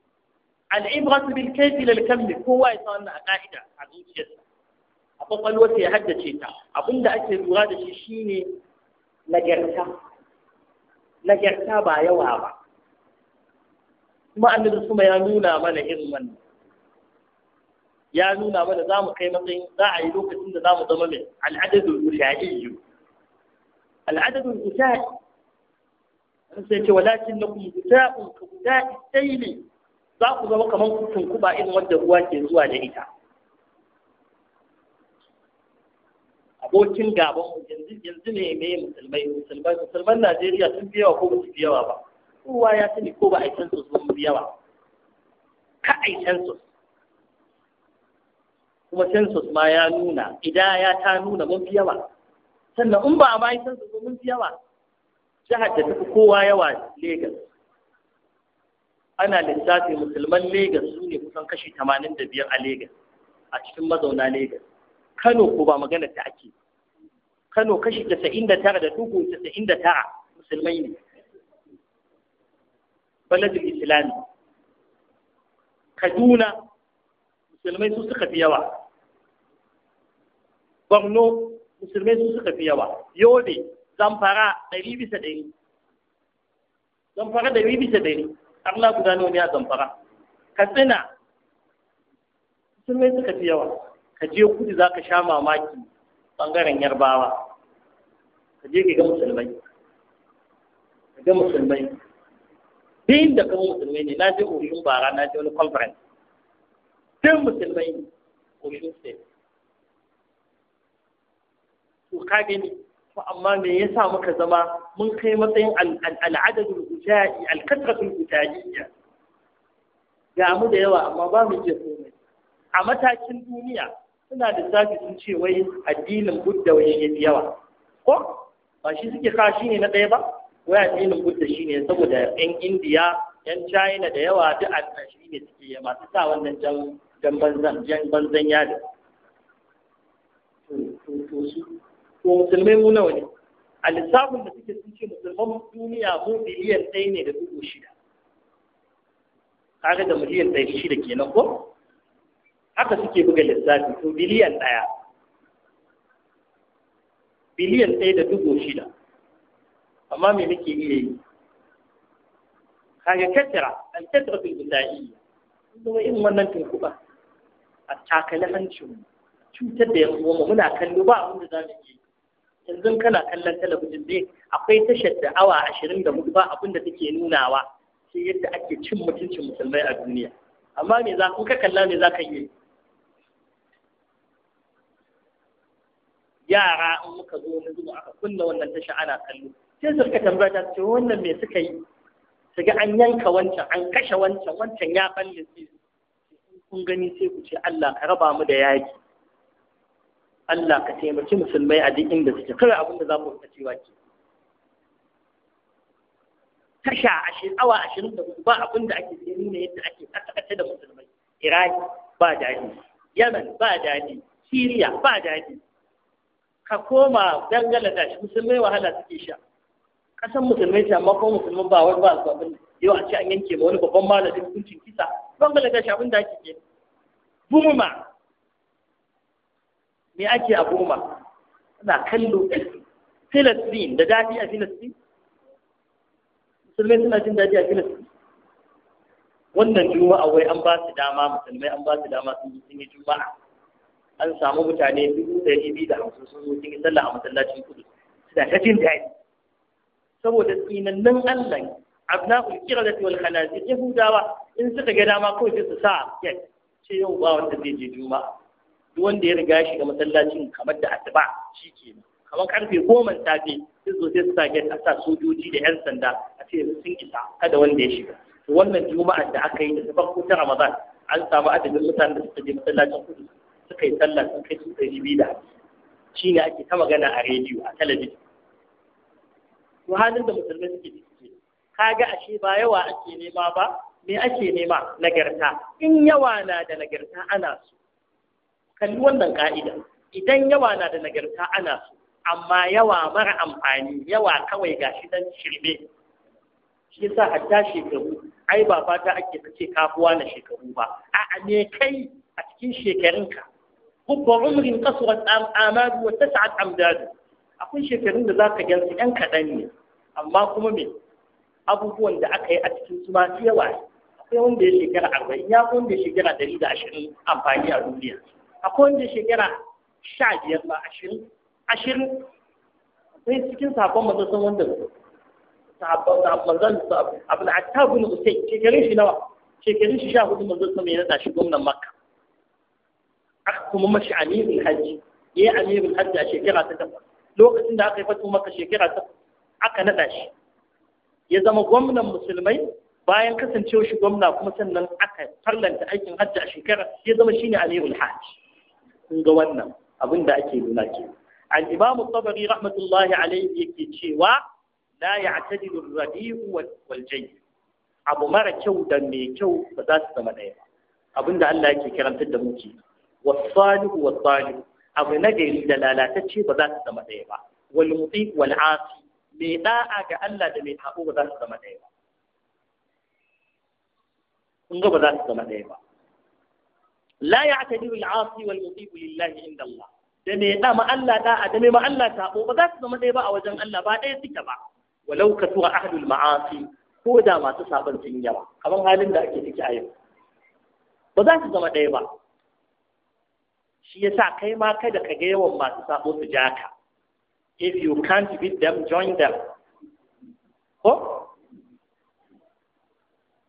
al'ibratu bil kayfi la bikamli kowa ya san wannan a ka'ida a zuciyarsa a kwakwalwarsa ya haddace ta abin da ake lura da shi shine nagarta nagarta ba yawa ba kuma annabi kuma ya nuna mana irin wannan ya nuna mana za mu kai matsayin za a yi lokacin da za mu zama mai al'adadul musha'iyyu al'adadul musha'i an sai ce walakin na kuma guta'un ka guda'i daili za ku zama kamar kuba irin wanda ruwa ke zuwa da ita abokin gaban yanzu yanzu ne me musulmai musulmai musulman Najeriya sun fi yawa ko ba su fi yawa ba kowa ya sani ko ba a yi su sun fi yawa ka a yi su kuma census ma ya nuna idaya ta nuna mun fi yawa sannan in ba a san su mun fi yawa jihar da tafi kowa yawa Legas ana lissafi musulman Legas su ne kusan kashi 85 a Legas a cikin mazauna Legas Kano ko ba magana ta ake Kano kashi casa'in da tara da Togo casa'in da tara musulmai ne. Baladul Islami. Kaduna musulmai su suka fi yawa. Borno musulmai su suka fi yawa. Yobe Zamfara ɗari bisa ɗari. Zamfara ɗari bisa ɗari. Allah guda nawa ne a Zamfara. Katsina musulmai suka fi yawa. Ka je kudu za ka sha mamaki Ɓangaren yarbawa ka je ka ga musulmai ka ga musulmai din da kan musulmai ne na je oshin bara na je wani conference din musulmai ne oshin state to ka gani to amma me yasa muka zama mun kai matsayin al'adadu hujai al'adadu kasratul ga mu da yawa amma ba mu iya komai a matakin duniya suna lissafi sun ce wai addinin budda wai shi ne yawa ko ba shi suke ka shi ne na ɗaya ba wai addinin budda shi ne saboda yan indiya yan china da yawa duk addinin shi ne suke yi masu sa wannan jan banzan jan banzan yadin to su to musulmai mu nawa ne a lissafin da suke sun ce musulman duniya mu biliyan ɗaya ne da dubu shida kaga da miliyan ɗari shida kenan ko haka suke buga lissafi to biliyan ɗaya biliyan ɗaya da dubu shida amma me nake iya yi kaga kattara alkattara fil bisa'i kuma irin wannan tunkuba a hanci hancin cutar da yan mu muna kallo ba abin da za mu yi yanzu kana kallon talabijin dai akwai tashar da awa ashirin da hudu ba abin da take nunawa sai yadda ake cin mutuncin musulmai a duniya amma me za ka kalla me za ka yi yara in muka zo na zuwa aka kunna wannan tasha ana kallo sai su rika tambaya ta ce wannan me suka yi su ga an yanka wancan an kashe wancan wancan ya balle su kun gani sai ku ce Allah ka raba mu da yaki Allah ka taimaki musulmai a duk inda suke kawai abin da za mu rika cewa ke tasha ashirin awa ashirin da ba abin da ake gani ne yadda ake kasakace da musulmai Iraki ba daɗi Yemen ba daɗi Siriya ba daɗi ka koma dangane da shi musulmai wahala suke sha kasan musulmai ta amma ko musulman ba wani ba su abin yau a ce an yanke ma wani babban malamin hukuncin kisa dangane da shi abin da ake ke burma me ake a burma ana kallo filistin da daɗi a filistin musulmai suna jin daɗi a filistin wannan juma'a wai an ba su dama musulmai an ba su dama sun yi juma'a an samu mutane dubu ɗari biyu da hamsin sun zo cikin sallah a masallacin kudu suna ta jin daɗi saboda tsinannan Allah abna'ul kiradati wal khanazir yahudawa in suka ga dama kawai sai su sa ya ce yau ba wanda zai je juma'a duk wanda ya riga shiga masallacin kamar da asuba shi shikenan kamar karfe goma safe sai zo sai su sa get sa sojoji da yan sanda a ce sun isa kada wanda ya shiga wannan juma'a da aka yi da farko ta Ramadan an samu adadin mutanen da suka je masallacin kudu suka yi sallah sun kai su ɗari biyu da shi ne ake ta magana a rediyo a talabijin to halin da musulmai suke ciki kaga ashe ba yawa ake nema ba me ake nema nagarta in yawa na da nagarta ana so kalli wannan ka'ida idan yawa na da nagarta ana so amma yawa mara amfani yawa kawai ga shi dan shirme shi yasa hatta shekaru ai ba fata ake ta kafuwa na shekaru ba a'a ne kai a cikin shekarunka rubba umrin kasuwar amadu wa tasa'at amdadu akwai shekarun da za ka gansu yan kaɗan ne amma kuma me abubuwan da aka yi a cikin su masu yawa akwai wanda ya shekara arba'in ya wanda da shekara ɗari da ashirin amfani a duniya akwai wanda ya shekara sha biyar ba ashirin ashirin akwai cikin sabon manzon wanda su. sabon manzon abu da attabu ne shekarun shi nawa shekarun shi sha hudu manzon sama ya naɗa shi gwamnan makka kuma mashi amirul hajji ya yi amirul hajji a shekara ta takwas lokacin da aka yi fatu maka shekara ta aka naɗa shi ya zama gwamnan musulmai bayan kasancewa shi gwamna kuma sannan aka farlanta aikin hajji a shekara ya zama shi ne amirul hajji kun ga wannan abin da ake nuna ke al-imamu tabari rahmatullahi alaihi yake cewa la ya'tadilu ar-radi'u wal jayyid abu mara kyau da mai kyau ba za su zama ɗaya abin da Allah yake karantar da mu ke wasalihu wasalihu abu na gari da lalatacce ba za su zama ɗaya ba wal muti wal asi ga Allah da mai tabo ba za su zama ɗaya ba kun ga ba za su zama ɗaya ba la ya'tadiru al asi wal muti lillahi inda da mai da ma Allah da'a da ma Allah tabo ba za su zama ɗaya ba a wajen Allah ba ɗaya suke ba walau ka tuwa ahlul ma'asi ko da masu saban sun yawa kamar halin da ake ciki a yau ba za su zama ɗaya ba shi yasa kai ma kada ka ga yawan masu sabo su ja ka if you can't beat them join them ko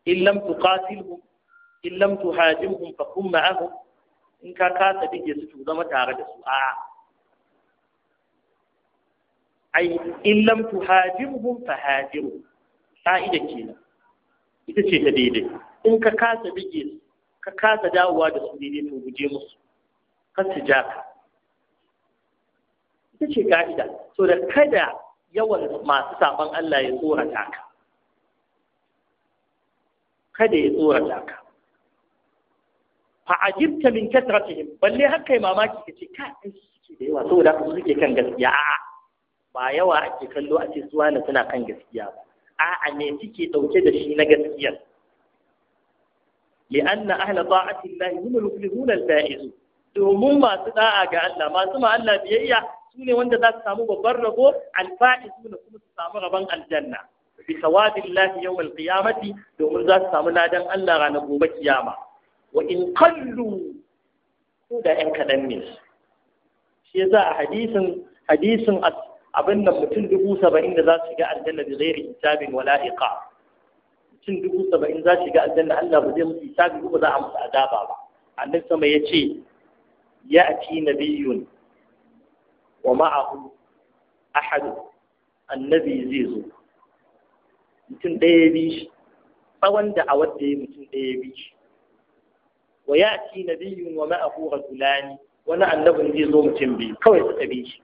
in lam tuqatilhum in lam tuhajimhum fa kun ma'ahum in ka kasa dige su to zama tare da su a ai in lam tuhajimhum fa hajiru ka'ida kenan ita ce ta daidai in ka kasa dige su ka kasa dawowa da su daidai to guje musu har jaka. ja ka ita ce ka'ida so da kada yawan masu saban Allah ya tsorata ka kada ya tsorata ka fa ajibta min kasratihim balle haka ya mamaki kace ka ai suke da yawa saboda haka suke kan gaskiya a'a ba yawa ake kallo a ce suwa na suna kan gaskiya ba a'a ne suke dauke da shi na gaskiya li'anna ahla ta'ati Allah hum al-muflihun domin masu da'a ga Allah masu ma Allah biyayya su ne wanda za su samu babban rabo alfa'i su ne kuma su samu rabon aljanna bi sawabillahi yawmal qiyamati domin za su samu ladan Allah ranar gobe kiyama wa in kallu ko da ɗan kaɗan ne shi za a hadisin hadisin abin nan mutum dubu saba'in da za su shiga aljanna bi ghairi hisabin wala iqab mutum dubu saba'in za su shiga aljanna Allah ba zai musu hisabi ko ba za a musu azaba ba annabi sama ya ce يأتي نبي ومعه أحد النبي زيزو mutum ɗaya bi shi tsawon da a wadda ya mutum ɗaya bi shi wa ya ci nabiyyun wa ma'ahu rajulani wani annabin zai zo mutum biyu kawai suka bi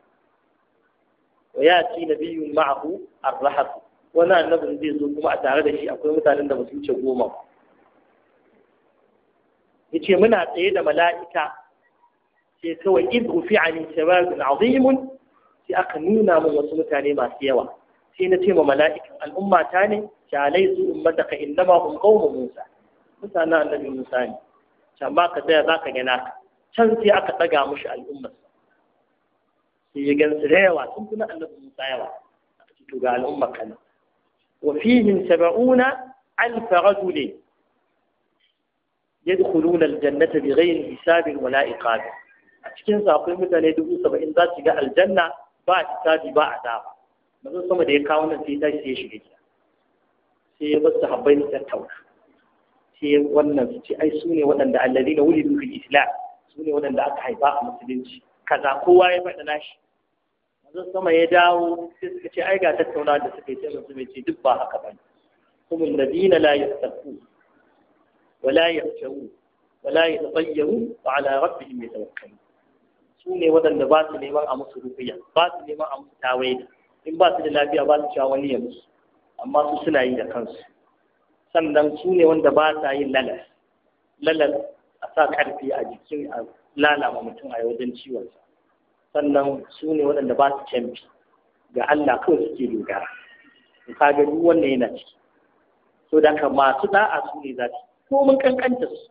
wa ya ci nabiyyun ma'ahu arrahab wani annabin zai zo kuma a tare da shi akwai mutanen da ba ce goma ba yace muna tsaye da mala'ika سوى إبغ فعل سواب عظيم في أقنونا من وصول تعليم سيوا سينة وملائكة الأمة تاني شاليس أمتك إنما هم قوم موسى موسى أنا النبي موسى شاما قد ذاك جناك شان سي مش الأمة سي جنس ريوا سنتنا النبي موسى يوا تقى الأمة كان وفيهم سبعون ألف رجل يدخلون الجنة بغير حساب ولا إقابل a cikin sa akwai mutane dubu saba'in za su ga aljanna ba a tsabi ba a dama manzo sama da ya kawo nan sai tashi ya shiga gida sai ya basu sahabbai su tattauna sai wannan su ce ai su ne waɗanda alladina wulidu fil islam su ne waɗanda aka haifa a musulunci kaza kowa ya faɗa nashi manzo sama ya dawo sai suka ce ai ga tattaunawa da suka yi sai mutum ya ce duk ba haka bane kuma alladina la yastafu wala yafshawu wala yatayyaru wa ala rabbihim yatawakkalun su ne waɗanda ba su neman a musu rufiya ba su neman a musu tawaye in ba su da lafiya ba su cewa wani ya musu amma su suna yi da kansu sannan su ne wanda ba sa yin lalas lalas a sa karfi a jikin a lalama mutum a wajen ciwonsa sannan su ne waɗanda ba su canfi ga Allah kawai suke dogara in ka ga duk wannan yana ciki so da ka masu da'a su ne za su ko mun kankanta su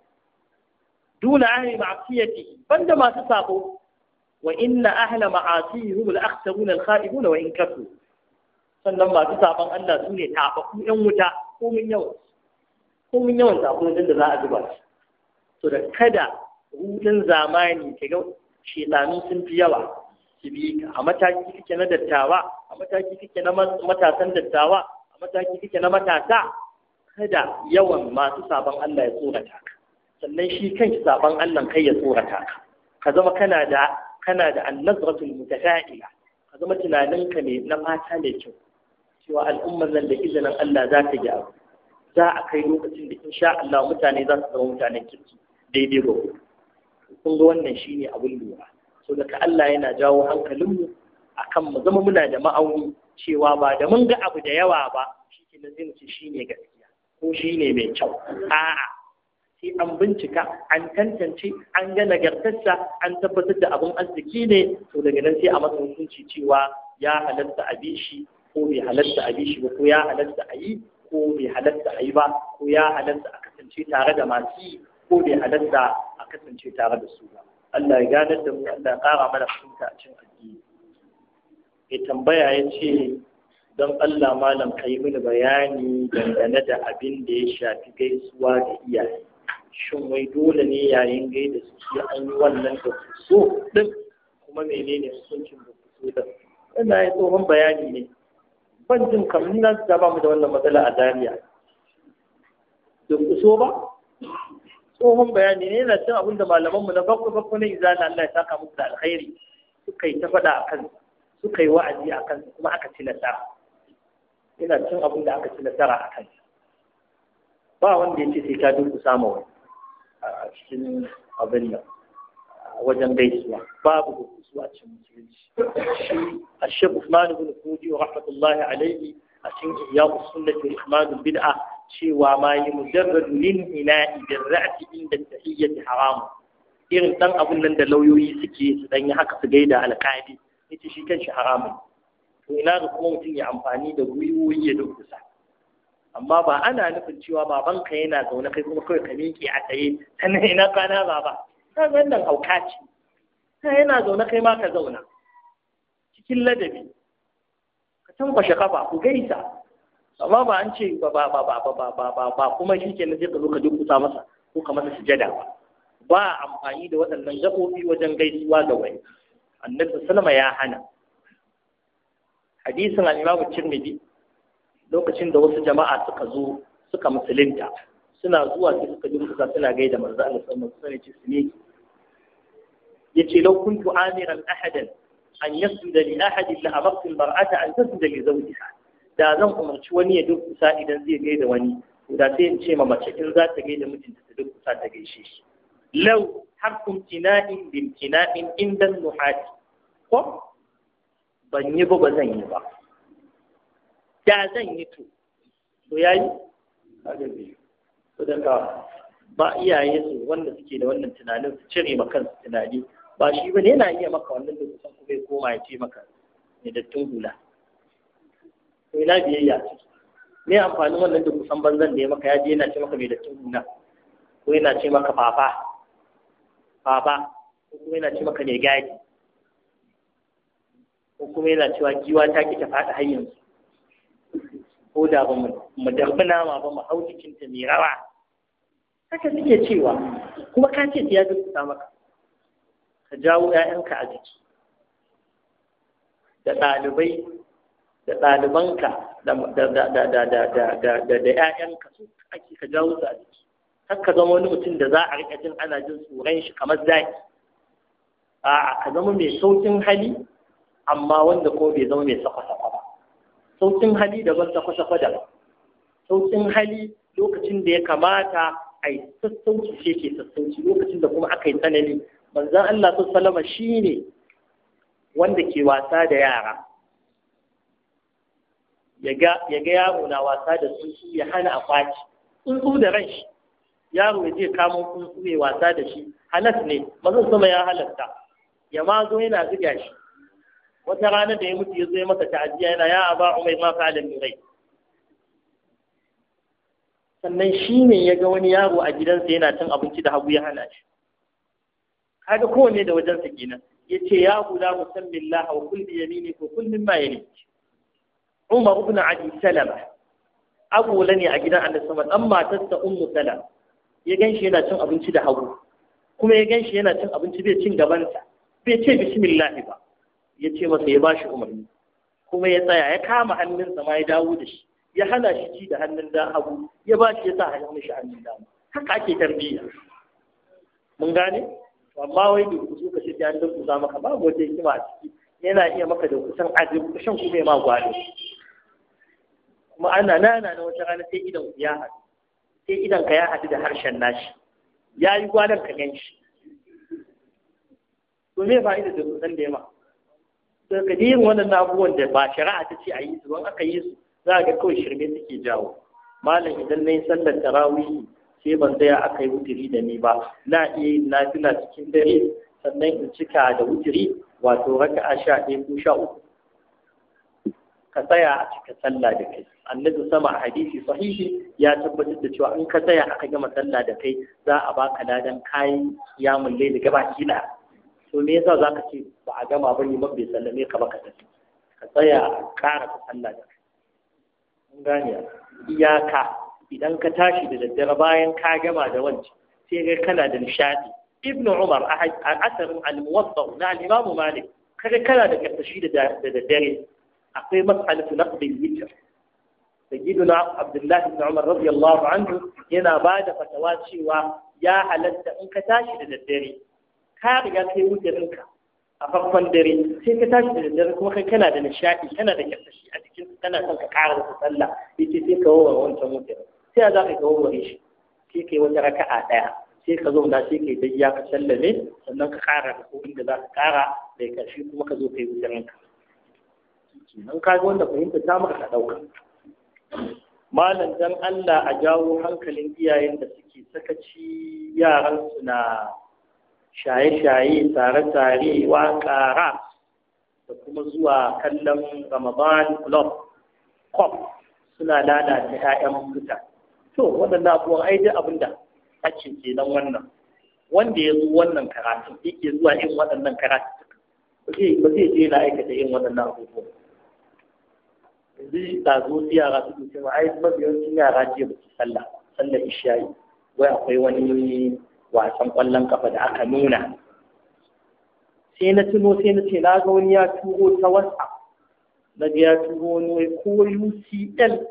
duna ahli ma'siyati banda masu sabo wa inna ahla ma'asihum al-akhtabun al-kha'ibun wa in kafu sannan masu saban Allah su ne tafafu ƴan wuta ko mun yawan ko mun yawan tafafu da za a zuba su to da kada hutun zamani ta ga shedanu sun fi yawa su bi a mataki kike na dattawa a mataki kike na matasan dattawa a mataki kike na matasa kada yawan masu sabon Allah ya tsorata ka sannan shi kanki sabon Allah kai ya tsorata ka ka zama kana da kana da annazratul mutafa'ila ka zama tunaninka ne na mata mai kyau cewa al'ummar nan da izinin Allah za ta gyaru za a kai lokacin da insha Allah mutane za su zama mutanen kirki daidai ga kun ga wannan shine abin lura so daga Allah yana jawo hankalinmu akan mu zama muna da ma'auni cewa ba da mun ga abu da yawa ba shi ke zai ce shine gaskiya ko shine mai kyau a'a yi an bincika an tantance an ga nagartarsa an tabbatar da abin arziki ne to daga nan sai a masa hukunci cewa ya halatta a bishi ko bai halatta a bishi ba ko ya halatta a yi ko bai halatta a yi ba ko ya halatta a kasance tare da masu ko bai halatta a kasance tare da su ba Allah ya gadar da mu Allah ya ƙara mana fahimta a cikin addini mai tambaya ya ce don Allah malam ka yi mini bayani dangane da abin da ya shafi gaisuwa da iyaye shin wai dole ne yayin gai su shi an yi wannan da so din kuma menene hukuncin da so ɗin ina yi tsohon bayani ne ban jin kamar na da ba mu da wannan matsala a Zariya. da so ba tsohon bayani ne yana cin abin da malamanmu na bakwai-bakwai na izana Allah ya saka musu da alkhairi suka yi ta faɗa a kan suka yi wa'azi a kan kuma aka ci nasara Ina cin abin da aka ci nasara a kan ba wanda ya ce sai ka ku sama wani a cikin abin nan wajen gaisuwa babu hukusu a cikin musulunci shi a shabu usman ibn fudi wa rahmatullahi alaihi a cikin ihya usunnati ihmadul bid'a cewa ma yi mujarrad min ina'i birra'ati inda tahiyyati haram irin dan abun nan da lauyoyi suke su dan yi haka su gaida alƙadi yace shi kanshi haramun to ina da kuma mutum ya amfani da gwiwoyi ya durkusa amma ba ana nufin cewa babanka yana zaune kai kuma kawai ka miƙe a tsaye sannan ina kwana baba ta wannan hauka ce ta yana zaune kai ma zauna cikin ladabi ka tankwashe kafa ku gaisa amma ba an ce ba ba ba ba ba ba ba ba kuma shi ke sai ka zo ka masa ko ka masa sujada ba ba amfani da waɗannan gaɓoɓi wajen gaisuwa ga wani annabi sallama ya hana hadisin al-imamu tirmidhi lokacin da wasu jama'a suka zo suka musulunta suna zuwa sai suka ji kusa suna gaida manzo Allah sallallahu alaihi wasallam ce su ne yace law kuntu amiran ahadan an yasjuda li ahadin la amartu al-mar'ata an tasjuda li zawjiha da zan umarci wani ya durkusa idan zai gai da wani da sai in ce ma mace in za ta gai da mijinta ta durkusa ta gaishe shi law harkum tina'in bin tina'in indan nuhati ko ban yi ba ba zan yi ba da zan yi to to yayi to da ba iyaye su wanda suke da wannan tunanin su cire ma kansu tunani ba shi bane yana iya maka wannan da kusan kuma zai koma ya ce maka ne dattin hula to ina biyayya ciki me amfanin wannan da kusan banzan da ya maka ya je yana ce maka mai dattin hula ko yana ce maka baba, fafa ko kuma yana ce maka ne gadi ko kuma yana cewa giwa ta ki ta faɗi hanyar. ko da ba mu darbi ma ba mu hau jikinta mai rawa haka suke cewa kuma ka ce ta ya gaskata maka ka jawo 'ya'yanka a jiki da ɗalibai da ɗalibanka da ‘ya'yanka su ake ka jawo su a jiki har ka zama wani mutum da za a riƙa jin ana jin tsoron shi kamar zaki a ka zama mai sauƙin hali amma wanda ko bai zama mai sakwa-sakwa saukin hali da ban kwasa da ba saukin hali lokacin da ya kamata a yi sassauci ce ke sassauci lokacin da kuma aka yi tsanani manzan Allah su salama shi ne wanda ke wasa da yara ya ga yaro na wasa da shi ya hana a kwaci tsuntsu da ran shi yaro ya je kamo tsuntsu ya wasa da shi halas ne mazan sama ya halatta ya ma zo yana zuga shi wata ranar da ya mutu ya zo ya masa ta'aziyya yana ya aba umai ma fa'ala min rai sannan shi ne ya ga wani yaro a gidansa yana cin abinci da hagu ya hana shi kaga kowanne da wajensa kenan ya ce ya guda musammin laha wa kulli yamini ko kullum ma yamini umar ibn adi salama agola ne a gidan annabi sama dan matarsa ummu salam ya ganshi yana cin abinci da hagu kuma ya ganshi yana cin abinci bai cin gabansa bai ce bismillah ba ya ce masa ya bashi umarni kuma ya tsaya ya kama hannunsa ma ya dawo da shi ya hana shi ci da hannun da abu, ya ba shi ya sa hannun shi hannun dama haka ake tarbiyya mun gane amma wai da kusu ka shirya ku za maka babu wata hikima a ciki yana iya maka da kusan ajin kusan kuma ya ma gwado kuma ana nana na wata rana sai idan ya haɗu sai idan ka ya haɗu da harshen nashi ya yi gwadon ka gan shi to me fa'ida da kusan da ya ma sai yin wannan abubuwan da ba shari'a ta ce a yi su don aka yi su za a ga kawai shirme suke jawo malam idan na yi sallar tarawihi sai ban tsaya aka yi wuturi da ni ba na iya yin nafila cikin dare sannan in cika da wuturi, wato a sha ɗaya ko sha uku ka tsaya a cika sallah da kai annabi sama a hadisi sahihi ya tabbatar da cewa in ka tsaya aka gama sallah da kai za a baka ladan kayan kiyamun laili gaba kila to me yasa za ka ce ba a gama ba ne bai sallame ka ba ka tafi ka tsaya ƙara ta sallah da mun gane iyaka idan ka tashi da daddare bayan ka gama da wancan sai ga kana da nishadi ibnu umar a asarin al-muwatta na al-imamu malik kaga kana da karsashi da daddare akwai mas'alatu naqdil witr sayyiduna abdullahi ibn umar radiyallahu anhu yana bada fatawa cewa ya halatta in ka tashi da daddare ka riga kai wujarinka a farkon dare sai ka tashi da daddare kuma kai kana da nishaɗi kana da karsashi a cikin kana son ka ƙara wata sallah yace sai ka warware wancan wuce sai a za ka warware shi sai yi wata raka'a ɗaya sai ka zauna sai ka kai dayya ka sallame sannan ka ƙara da ko inda za ka ƙara da ƙarshe kuma ka zo kai wujarinka in ka ga wanda fahimta ta maka ka ɗauka malam dan Allah a jawo hankalin iyayen da suke sakaci yaran su na shaye-shaye tare-tare waƙara da kuma zuwa kallon ramadan club cop suna lalata 'ya'yan fita to waɗanda abubuwan ai dai abin da ake kenan wannan wanda ya zo wannan karatu yake zuwa irin waɗannan karatu ba zai je na aikata irin waɗannan abubuwan yanzu ɗazu yara su ce ma ai mabiyancin yara ce ba su sallah sallah ishayi wai akwai wani wasan ƙwallon kafa da aka nuna sai na tuno sai na ce na ga wani ya turo ta wasa na ga ya turo wani ko UCL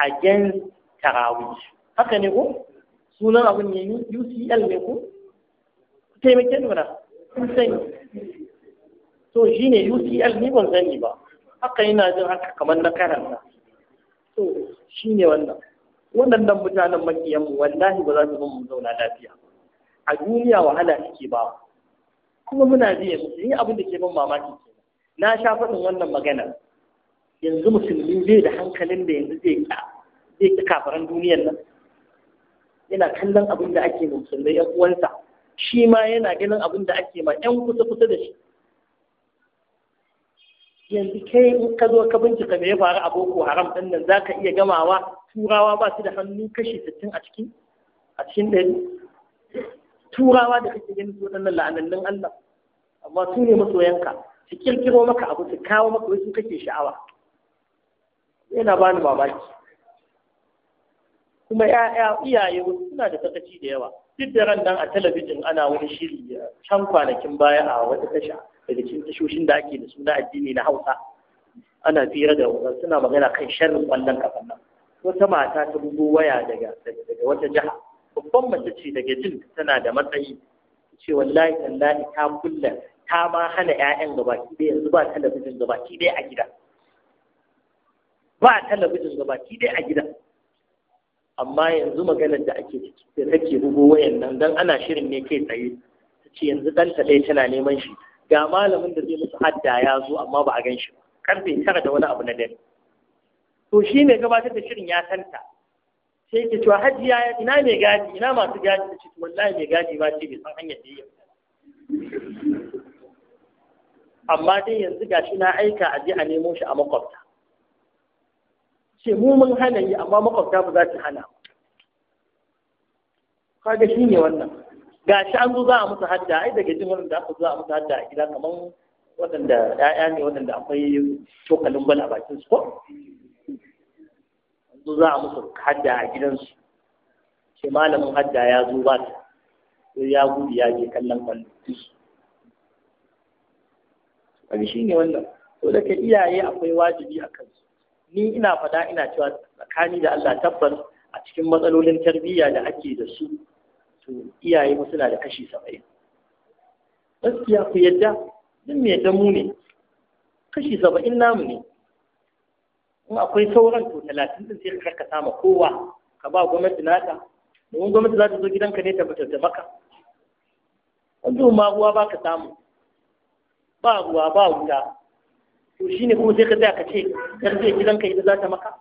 against Tarawih haka ne ko sunan abin ne UCL ne ko taimake ni mana kun sani to ne UCL ni ban sani ba haka yana jin haka kamar na karanta to ne wannan waɗannan mutanen makiyan mu wallahi ba za su mu zauna lafiya a duniya wahala take ba kuma muna ji musu ni abin da ke ban mamaki ke na sha faɗin wannan magana yanzu musulmi zai da hankalin da yanzu zai ka zai ka kafaran duniyar nan yana kallon abin da ake musulmai yan uwansa shi ma yana ganin abin da ake ma yan kusa kusa da shi yanzu kai in ka zo ka bincika me ya faru a boko haram ɗin nan za ka iya gamawa turawa ba su da hannu kashi sittin a cikin a cikin ɗari turawa da kake ganin su waɗannan la'anannun Allah amma su ne masoyanka su kirkiro maka abu su kawo maka wasu kake sha'awa yana bani mamaki kuma ya'ya iyaye wasu suna da sakaci da yawa duk da ran nan a talabijin ana wani shiri can kwanakin baya a wata tasha daga cikin tashoshin da ake da su na addini na Hausa ana fira da suna magana kan sharrin kwallon kafan nan wata mata ta bugo waya daga wata jiha babban mace ce daga jin tana da matsayi ce wallahi wallahi ta kulla ta ma hana ƴaƴan gabaki ɗaya yanzu ba talabijin ki dai a gida ba talabijin ki dai a gida amma yanzu maganar da ake ciki da take bugo wayan nan dan ana shirin ne kai tsaye ce yanzu ɗanta ɗaya tana neman shi ga malamin da zai musu hadda ya zo amma ba a gan shi ba karfe tara da wani abu na dare to shine mai gabatar da shirin ya santa sai ke cewa hajiya ina mai gadi ina masu gadi da ce wallahi mai gadi ba ce bai san hanyar da yi amma dai yanzu gashi na aika a je a nemo shi a makwabta ce mu mun hana yi amma makwabta ba za su hana kaga shi ne wannan Ga shi an zo za a musu hadda ai daga jin wanda aka zo a musu hadda a gida kamar waɗanda 'ya'ya ne waɗanda akwai cokalin bala a bakin su ko su za a musu hadda a gidansu ce malamin hadda ya zo ba ta sai ya gudu ya je kallon kwallo kaga shi ne wannan to da ka iyaye akwai wajibi a kansu ni ina fada ina cewa tsakani da Allah tabbas a cikin matsalolin tarbiyya da ake da su to iyaye mu suna da kashi saba'in gaskiya ku yadda duk mai yadda mu ne kashi saba'in namu ne Kuma akwai sauran to talatin din sai ka karka sama kowa ka ba gwamnati nata domin gwamnati za ta zo gidanka ne ta fitar da maka wanda ma ruwa ba ka samu ba ruwa ba wuta to shine kuma sai ka tsaya ka ce zai gidanka ita za ta maka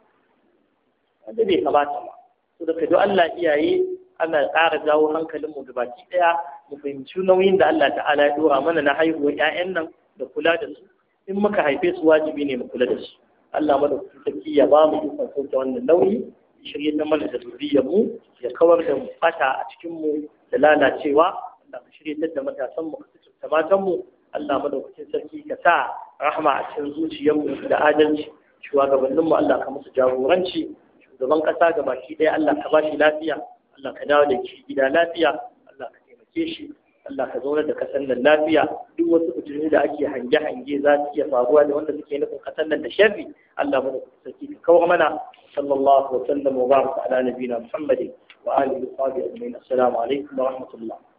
wanda bai kamata ba to da kado Allah iyaye ana ƙara jawo hankalinmu da baki ɗaya mu fahimci nauyin da Allah ta'ala ya dora mana na haihuwar 'ya'yan nan da kula da su in muka haife su wajibi ne mu kula da su Allah madaukakin sarki ya ba mu ikon sauke wannan nauyi shirye na mana da zuriyar mu ya kawar da fata a cikin mu da lalacewa Allah shirye ta da matasan mu da matan mu Allah madaukakin sarki ka sa rahma a cikin zuciyar mu da adalci shugabannin mu Allah ka musu jagoranci shugaban kasa ga baki ɗaya Allah ka ba shi lafiya Allah ka dawo da shi gida lafiya Allah ka taimake shi Allah ka zaunar da kasar nan lafiya duk wasu fitinu da ake hange-hange za su iya faruwa da wanda suke nufin kasar nan da sharri Allah mana sarki ka kawar mana sallallahu wa sallam wa baraka ala nabiyina Muhammadin wa alihi wa sahbihi ajma'in assalamu alaikum wa rahmatullah